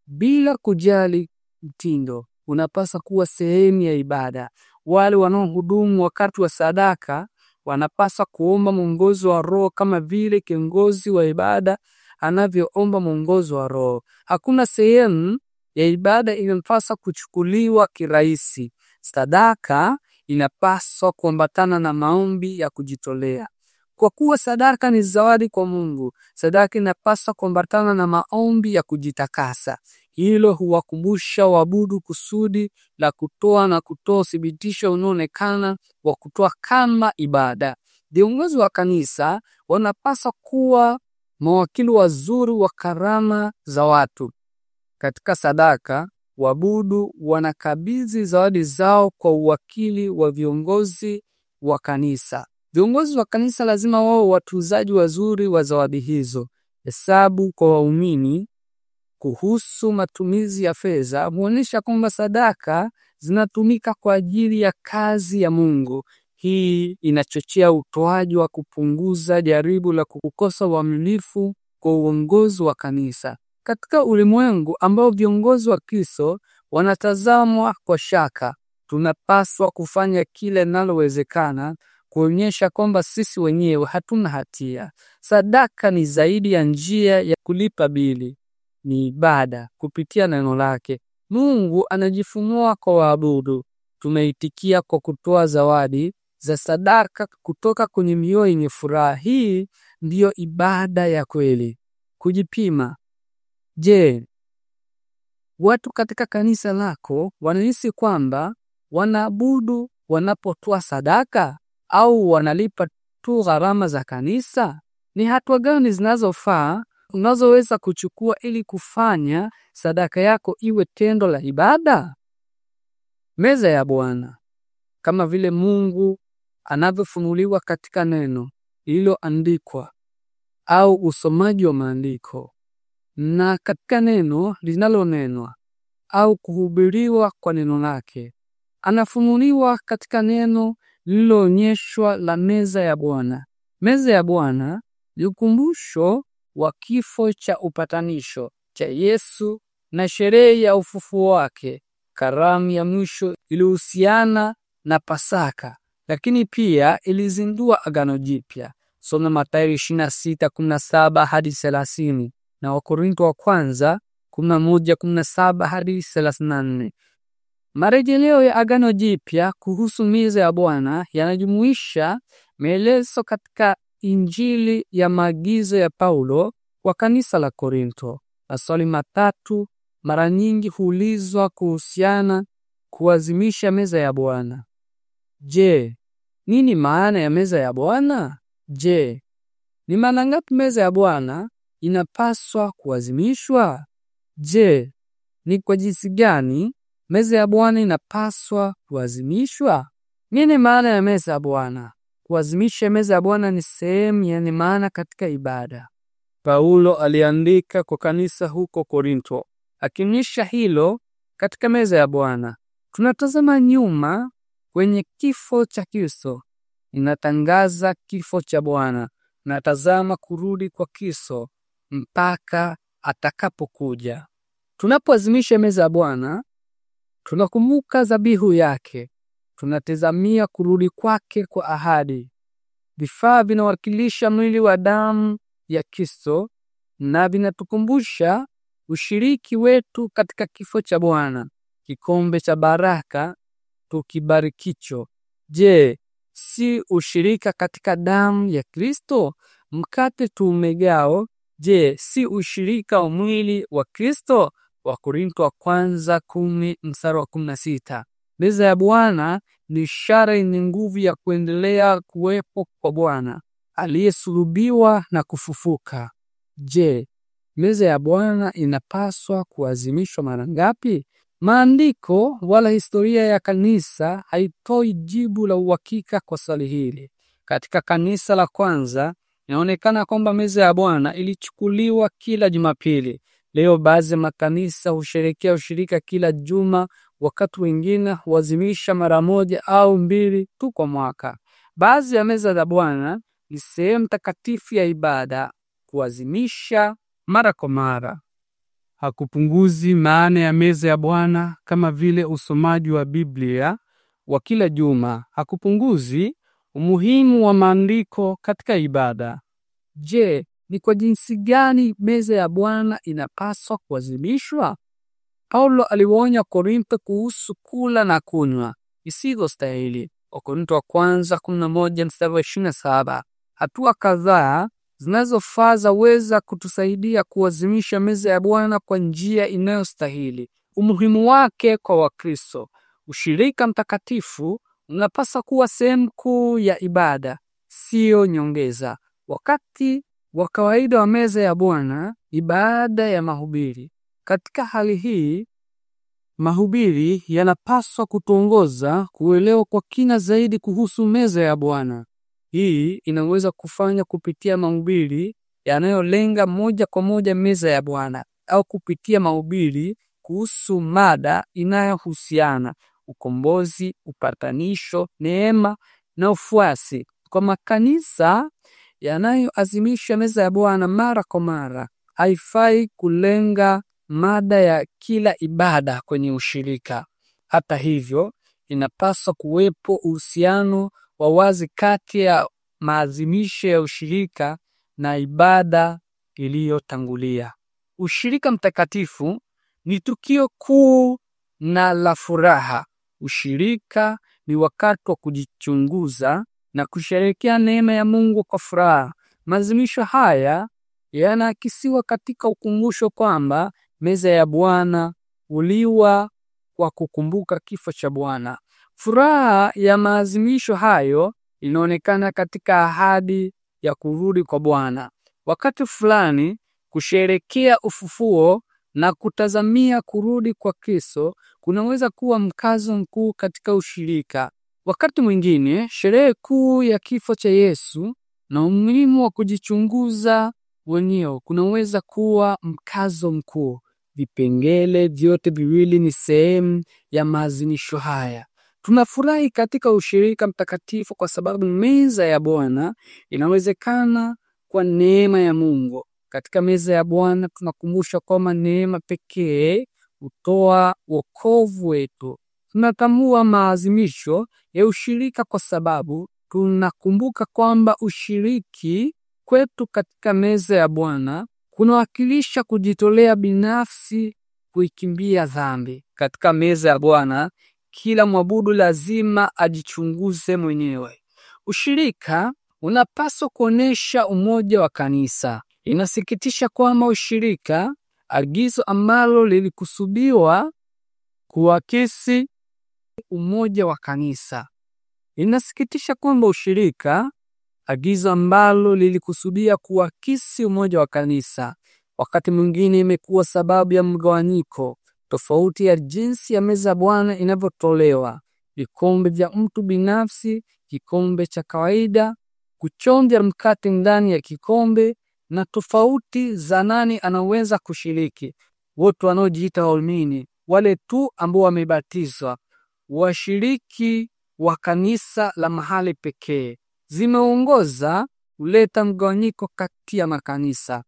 Bila kujali mtindo, unapaswa kuwa sehemu ya ibada. Wale wanaohudumu wakati wa sadaka wanapaswa kuomba mwongozo wa Roho kama vile kiongozi wa ibada anavyoomba mwongozo wa Roho. Hakuna sehemu ya ibada inapaswa kuchukuliwa kirahisi. Sadaka inapaswa kuambatana na maombi ya kujitolea. Kwa kuwa sadaka ni zawadi kwa Mungu, sadaka inapaswa kuambatana na maombi ya kujitakasa. Hilo huwakumbusha waabudu kusudi la kutoa na kutoa uthibitisho unaoonekana wa kutoa kama ibada. Viongozi wa kanisa wanapaswa kuwa mawakili wazuri wa karama za watu. Katika sadaka, waabudu wanakabidhi zawadi zao kwa uwakili wa viongozi wa kanisa. Viongozi wa kanisa lazima wao watuzaji wazuri wa zawadi hizo. Hesabu kwa waumini kuhusu matumizi ya fedha huonyesha kwamba sadaka zinatumika kwa ajili ya kazi ya Mungu. Hii inachochea utoaji wa kupunguza jaribu la kukosa uaminifu kwa uongozi wa kanisa. Katika ulimwengu ambao viongozi wa Kristo wanatazamwa kwa shaka, tunapaswa kufanya kile linalowezekana kuonyesha kwamba sisi wenyewe hatuna hatia. Sadaka ni zaidi ya njia ya kulipa bili, ni ibada kupitia neno lake. Mungu anajifunua kwa waabudu. Tumeitikia kwa kutoa zawadi za sadaka kutoka kwenye mioyo yenye furaha. Hii ndiyo ibada ya kweli. Kujipima. Je, watu katika kanisa lako wanahisi kwamba wanaabudu wanapotoa sadaka? au wanalipa tu gharama za kanisa? Ni hatua gani zinazofaa unazoweza kuchukua ili kufanya sadaka yako iwe tendo la ibada? Meza ya Bwana. Kama vile Mungu anavyofunuliwa katika neno lililoandikwa au usomaji wa maandiko na katika neno linalonenwa au kuhubiriwa kwa neno lake, anafunuliwa katika neno lililoonyeshwa la meza ya Bwana. Meza ya Bwana ni ukumbusho wa kifo cha upatanisho cha Yesu na sherehe ya ufufuo wake. Karamu ya mwisho ilihusiana na Pasaka, lakini pia ilizindua Agano Jipya. Soma Mathayo 26:17 hadi 30 na Wakorintho wa kwanza 11:17 hadi 34. Marejeleo ya Agano Jipya kuhusu meza ya Bwana yanajumuisha maelezo katika Injili ya maagizo ya Paulo kwa kanisa la Korinto. Maswali matatu mara nyingi huulizwa kuhusiana kuazimisha meza ya Bwana. Je, nini maana ya meza ya Bwana? Je, ni maana ngapi meza ya Bwana inapaswa kuazimishwa? Je, ni kwa jinsi gani Meza ya Bwana inapaswa kuazimishwa. Nini maana ya meza ya Bwana? Kuazimisha meza ya Bwana ni sehemu yani maana katika ibada. Paulo aliandika kwa kanisa huko Korinto, akionyesha hilo katika meza ya Bwana. Tunatazama nyuma kwenye kifo cha Kristo, inatangaza kifo cha Bwana na tazama kurudi kwa Kristo mpaka atakapokuja. Tunapoazimisha meza ya Bwana Tunakumbuka dhabihu yake, tunatazamia kurudi kwake kwa ahadi. Vifaa vinawakilisha mwili wa damu ya Kristo na vinatukumbusha ushiriki wetu katika kifo cha Bwana. Kikombe cha baraka tukibarikicho, je, si ushirika katika damu ya Kristo? Mkate tuumegao, je, si ushirika wa mwili wa Kristo? Wakorintho wa kwanza kumi mstari wa kumi na sita. Meza ya Bwana ni ishara yenye nguvu ya kuendelea kuwepo kwa Bwana aliyesulubiwa na kufufuka. Je, meza ya Bwana inapaswa kuazimishwa mara ngapi? Maandiko wala historia ya kanisa haitoi jibu la uhakika kwa swali hili. Katika kanisa la kwanza, inaonekana kwamba meza ya Bwana ilichukuliwa kila Jumapili. Leo baadhi ya makanisa husherekea ushirika kila juma, wakati wengine huazimisha mara moja au mbili tu kwa mwaka. Baadhi ya meza za Bwana ni sehemu takatifu ya ibada. Kuazimisha mara kwa mara hakupunguzi maana ya meza ya Bwana, kama vile usomaji wa Biblia wa kila juma hakupunguzi umuhimu wa maandiko katika ibada. Je, ni kwa jinsi gani meza ya Bwana inapaswa kuazimishwa. Paulo aliwaonya Korinto kuhusu kula na kunywa stahili, Wakorintho wa kwanza 11 mstari wa 27. Hatua kadhaa zinazofaa zaweza kutusaidia kuazimisha meza ya Bwana kwa njia inayostahili. Umuhimu wake kwa Wakristo. Ushirika mtakatifu unapaswa kuwa sehemu kuu ya ibada, siyo nyongeza. Wakati wa kawaida wa meza ya Bwana ibada ya mahubiri. Katika hali hii, mahubiri yanapaswa kutuongoza kuelewa kwa kina zaidi kuhusu meza ya Bwana. Hii inaweza kufanya kupitia mahubiri yanayolenga moja kwa moja meza ya Bwana au kupitia mahubiri kuhusu mada inayohusiana ukombozi, upatanisho, neema na ufuasi. Kwa makanisa yanayoazimisha meza ya Bwana mara kwa mara. Haifai kulenga mada ya kila ibada kwenye ushirika. Hata hivyo, inapaswa kuwepo uhusiano wa wazi kati ya maazimisho ya ushirika na ibada iliyotangulia. Ushirika mtakatifu ni tukio kuu na la furaha. Ushirika ni wakati wa kujichunguza, na kusherehekea neema ya Mungu kwa furaha. Maadhimisho haya yanaakisiwa katika ukumbusho kwamba meza ya Bwana uliwa kwa kukumbuka kifo cha Bwana. Furaha ya maadhimisho hayo inaonekana katika ahadi ya kurudi kwa Bwana. Wakati fulani kusherekea ufufuo na kutazamia kurudi kwa Kristo kunaweza kuwa mkazo mkuu katika ushirika. Wakati mwingine sherehe kuu ya kifo cha Yesu na umuhimu wa kujichunguza wenyewe kunaweza kuwa mkazo mkuu. Vipengele vyote viwili ni sehemu ya maazimisho haya. Tunafurahi katika ushirika mtakatifu kwa sababu meza ya Bwana inawezekana kwa neema ya Mungu. Katika meza ya Bwana tunakumbushwa kwamba neema pekee hutoa wokovu wetu. Tunatambua maazimisho ya ushirika kwa sababu tunakumbuka kwamba ushiriki kwetu katika meza ya Bwana kunawakilisha kujitolea binafsi kuikimbia dhambi. Katika meza ya Bwana kila mwabudu lazima ajichunguze mwenyewe. Ushirika unapaswa kuonesha umoja wa kanisa. Inasikitisha kwamba ushirika, agizo ambalo lilikusudiwa kuakisi umoja wa kanisa. Inasikitisha kwamba ushirika, agizo ambalo lilikusudia kuakisi umoja wa kanisa, wakati mwingine imekuwa sababu ya mgawanyiko, tofauti ya jinsi ya meza Bwana inavyotolewa, vikombe vya mtu binafsi, kikombe cha kawaida, kuchonja mkate ndani ya kikombe na tofauti za nani anaweza kushiriki. Wote wanaojiita waumini, wale tu ambao wamebatizwa, washiriki wa kanisa la mahali pekee zimeongoza kuleta mgawanyiko kati ya makanisa.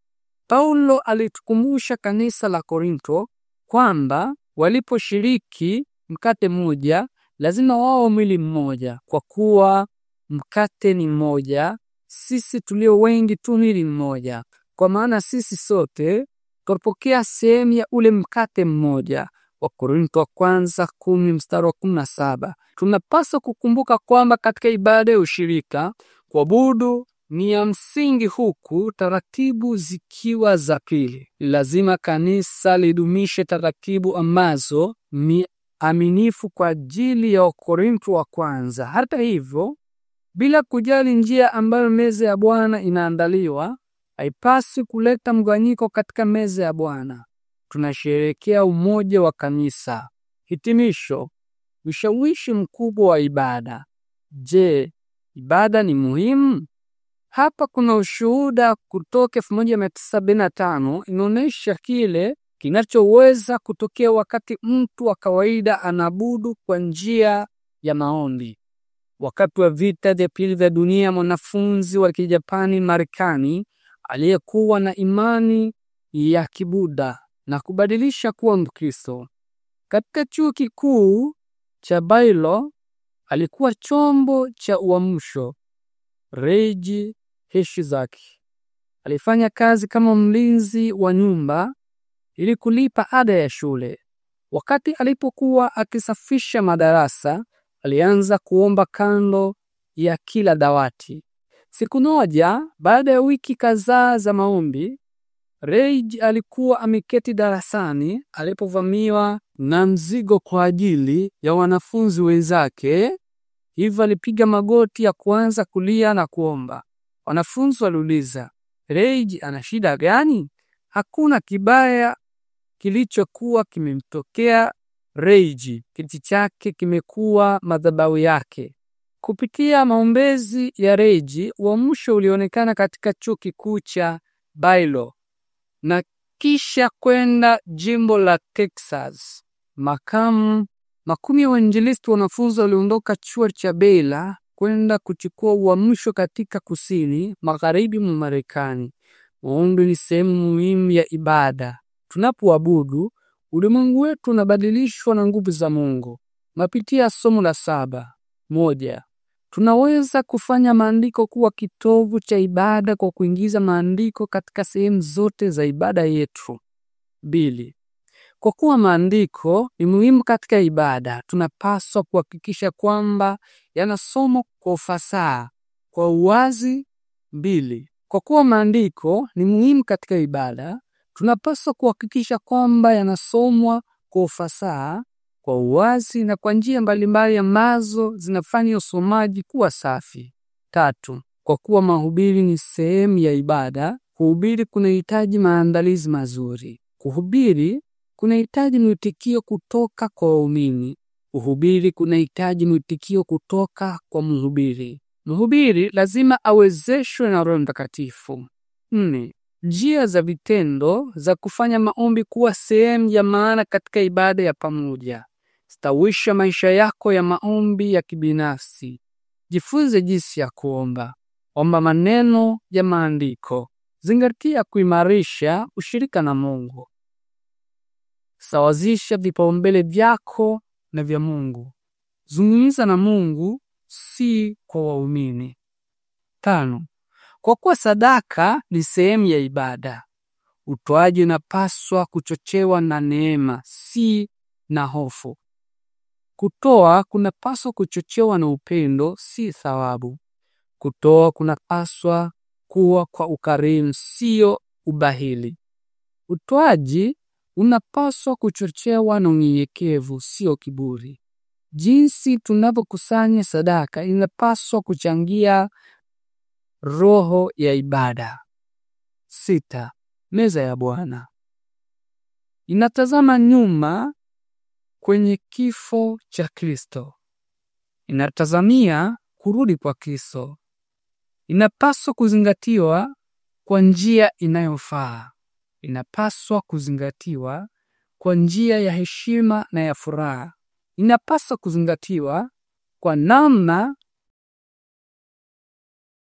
Paulo alitukumbusha kanisa la Korinto kwamba waliposhiriki mkate mmoja, lazima wao mwili mmoja, kwa kuwa mkate ni mmoja, sisi tulio wengi tu mwili mmoja, kwa maana sisi sote twapokea sehemu ya ule mkate mmoja. Wakorintho wa kwanza kumi mstari wa kumi na saba. Tunapaswa kukumbuka kwamba katika ibada ya ushirika kuabudu ni ya msingi huku taratibu zikiwa za pili. Lazima kanisa lidumishe taratibu ambazo ni aminifu kwa ajili ya Wakorintho wa kwanza. Hata hivyo, bila kujali njia ambayo meza ya Bwana inaandaliwa, haipasi kuleta mgawanyiko katika meza ya Bwana tunasherehekea umoja wa kanisa. Hitimisho: ushawishi mkubwa wa ibada. Je, ibada ni muhimu? Hapa kuna ushuhuda kutoka 1975 inaonyesha kile kinachoweza kutokea wakati mtu wa kawaida anaabudu kwa njia ya maombi. Wakati wa vita vya pili vya dunia, mwanafunzi wa Kijapani Marekani aliyekuwa na imani ya Kibuda na kubadilisha kuwa Mkristo. Katika chuo kikuu cha Bailo alikuwa chombo cha uamsho. Reji Heshizaki alifanya kazi kama mlinzi wa nyumba ili kulipa ada ya shule. Wakati alipokuwa akisafisha madarasa, alianza kuomba kando ya kila dawati. Siku moja, baada ya wiki kadhaa za maombi, Rage alikuwa ameketi darasani alipovamiwa na mzigo kwa ajili ya wanafunzi wenzake, hivyo alipiga magoti ya kuanza kulia na kuomba. Wanafunzi waliuliza, Rage ana shida gani? Hakuna kibaya kilichokuwa kimemtokea Rage. kiti chake kimekuwa madhabahu yake. Kupitia maombezi ya wa uamsho ulionekana katika chuo kikuu cha Bailo na kisha kwenda jimbo la Texas. Makamu makumi ya wainjilisti wanafunzi waliondoka chuo cha Bela kwenda kuchukua uamsho katika kusini magharibi mwa Marekani. Maombi ni sehemu muhimu ya ibada. Tunapoabudu, ulimwengu wetu unabadilishwa na nguvu za Mungu. Mapitia somo la saba. Moja, Tunaweza kufanya maandiko kuwa kitovu cha ibada kwa kuingiza maandiko katika sehemu zote za ibada yetu. Bili, kwa kuwa maandiko ni muhimu katika ibada, tunapaswa kuhakikisha kwamba yanasomwa kwa ufasaha, kwa uwazi. bili kwa kuwa maandiko ni muhimu katika ibada, tunapaswa kuhakikisha kwamba yanasomwa kwa ufasaha, kwa uwazi na kwa njia mbalimbali ambazo zinafanya usomaji kuwa safi. Tatu, kwa kuwa mahubiri ni sehemu ya ibada, kuhubiri kunahitaji maandalizi mazuri. Kuhubiri kunahitaji mwitikio kutoka kwa waumini. Kuhubiri kunahitaji mwitikio kutoka kwa mhubiri. Mhubiri lazima awezeshwe na Roho Mtakatifu. Nne, njia za vitendo za kufanya maombi kuwa sehemu ya maana katika ibada ya pamoja. Stawisha maisha yako ya maombi ya kibinafsi. Jifunze jinsi ya kuomba. Omba maneno ya maandiko. Zingatia kuimarisha ushirika na Mungu. Sawazisha vipaumbele vyako na vya Mungu. Zungumza na Mungu, si kwa waumini. Tano, kwa kuwa sadaka ni sehemu ya ibada, utoaji unapaswa kuchochewa na neema, si na hofu. Kutoa kunapaswa kuchochewa na upendo, si thawabu. Kutoa kunapaswa kuwa kwa ukarimu, sio ubahili. Utoaji unapaswa kuchochewa na unyenyekevu, sio kiburi. Jinsi tunavyokusanya sadaka inapaswa kuchangia roho ya ibada. Sita, meza ya Bwana inatazama nyuma kwenye kifo cha Kristo, inatazamia kurudi kwa Kristo, inapaswa kuzingatiwa kwa njia inayofaa, inapaswa kuzingatiwa kwa njia ya heshima na ya furaha, inapaswa kuzingatiwa kwa namna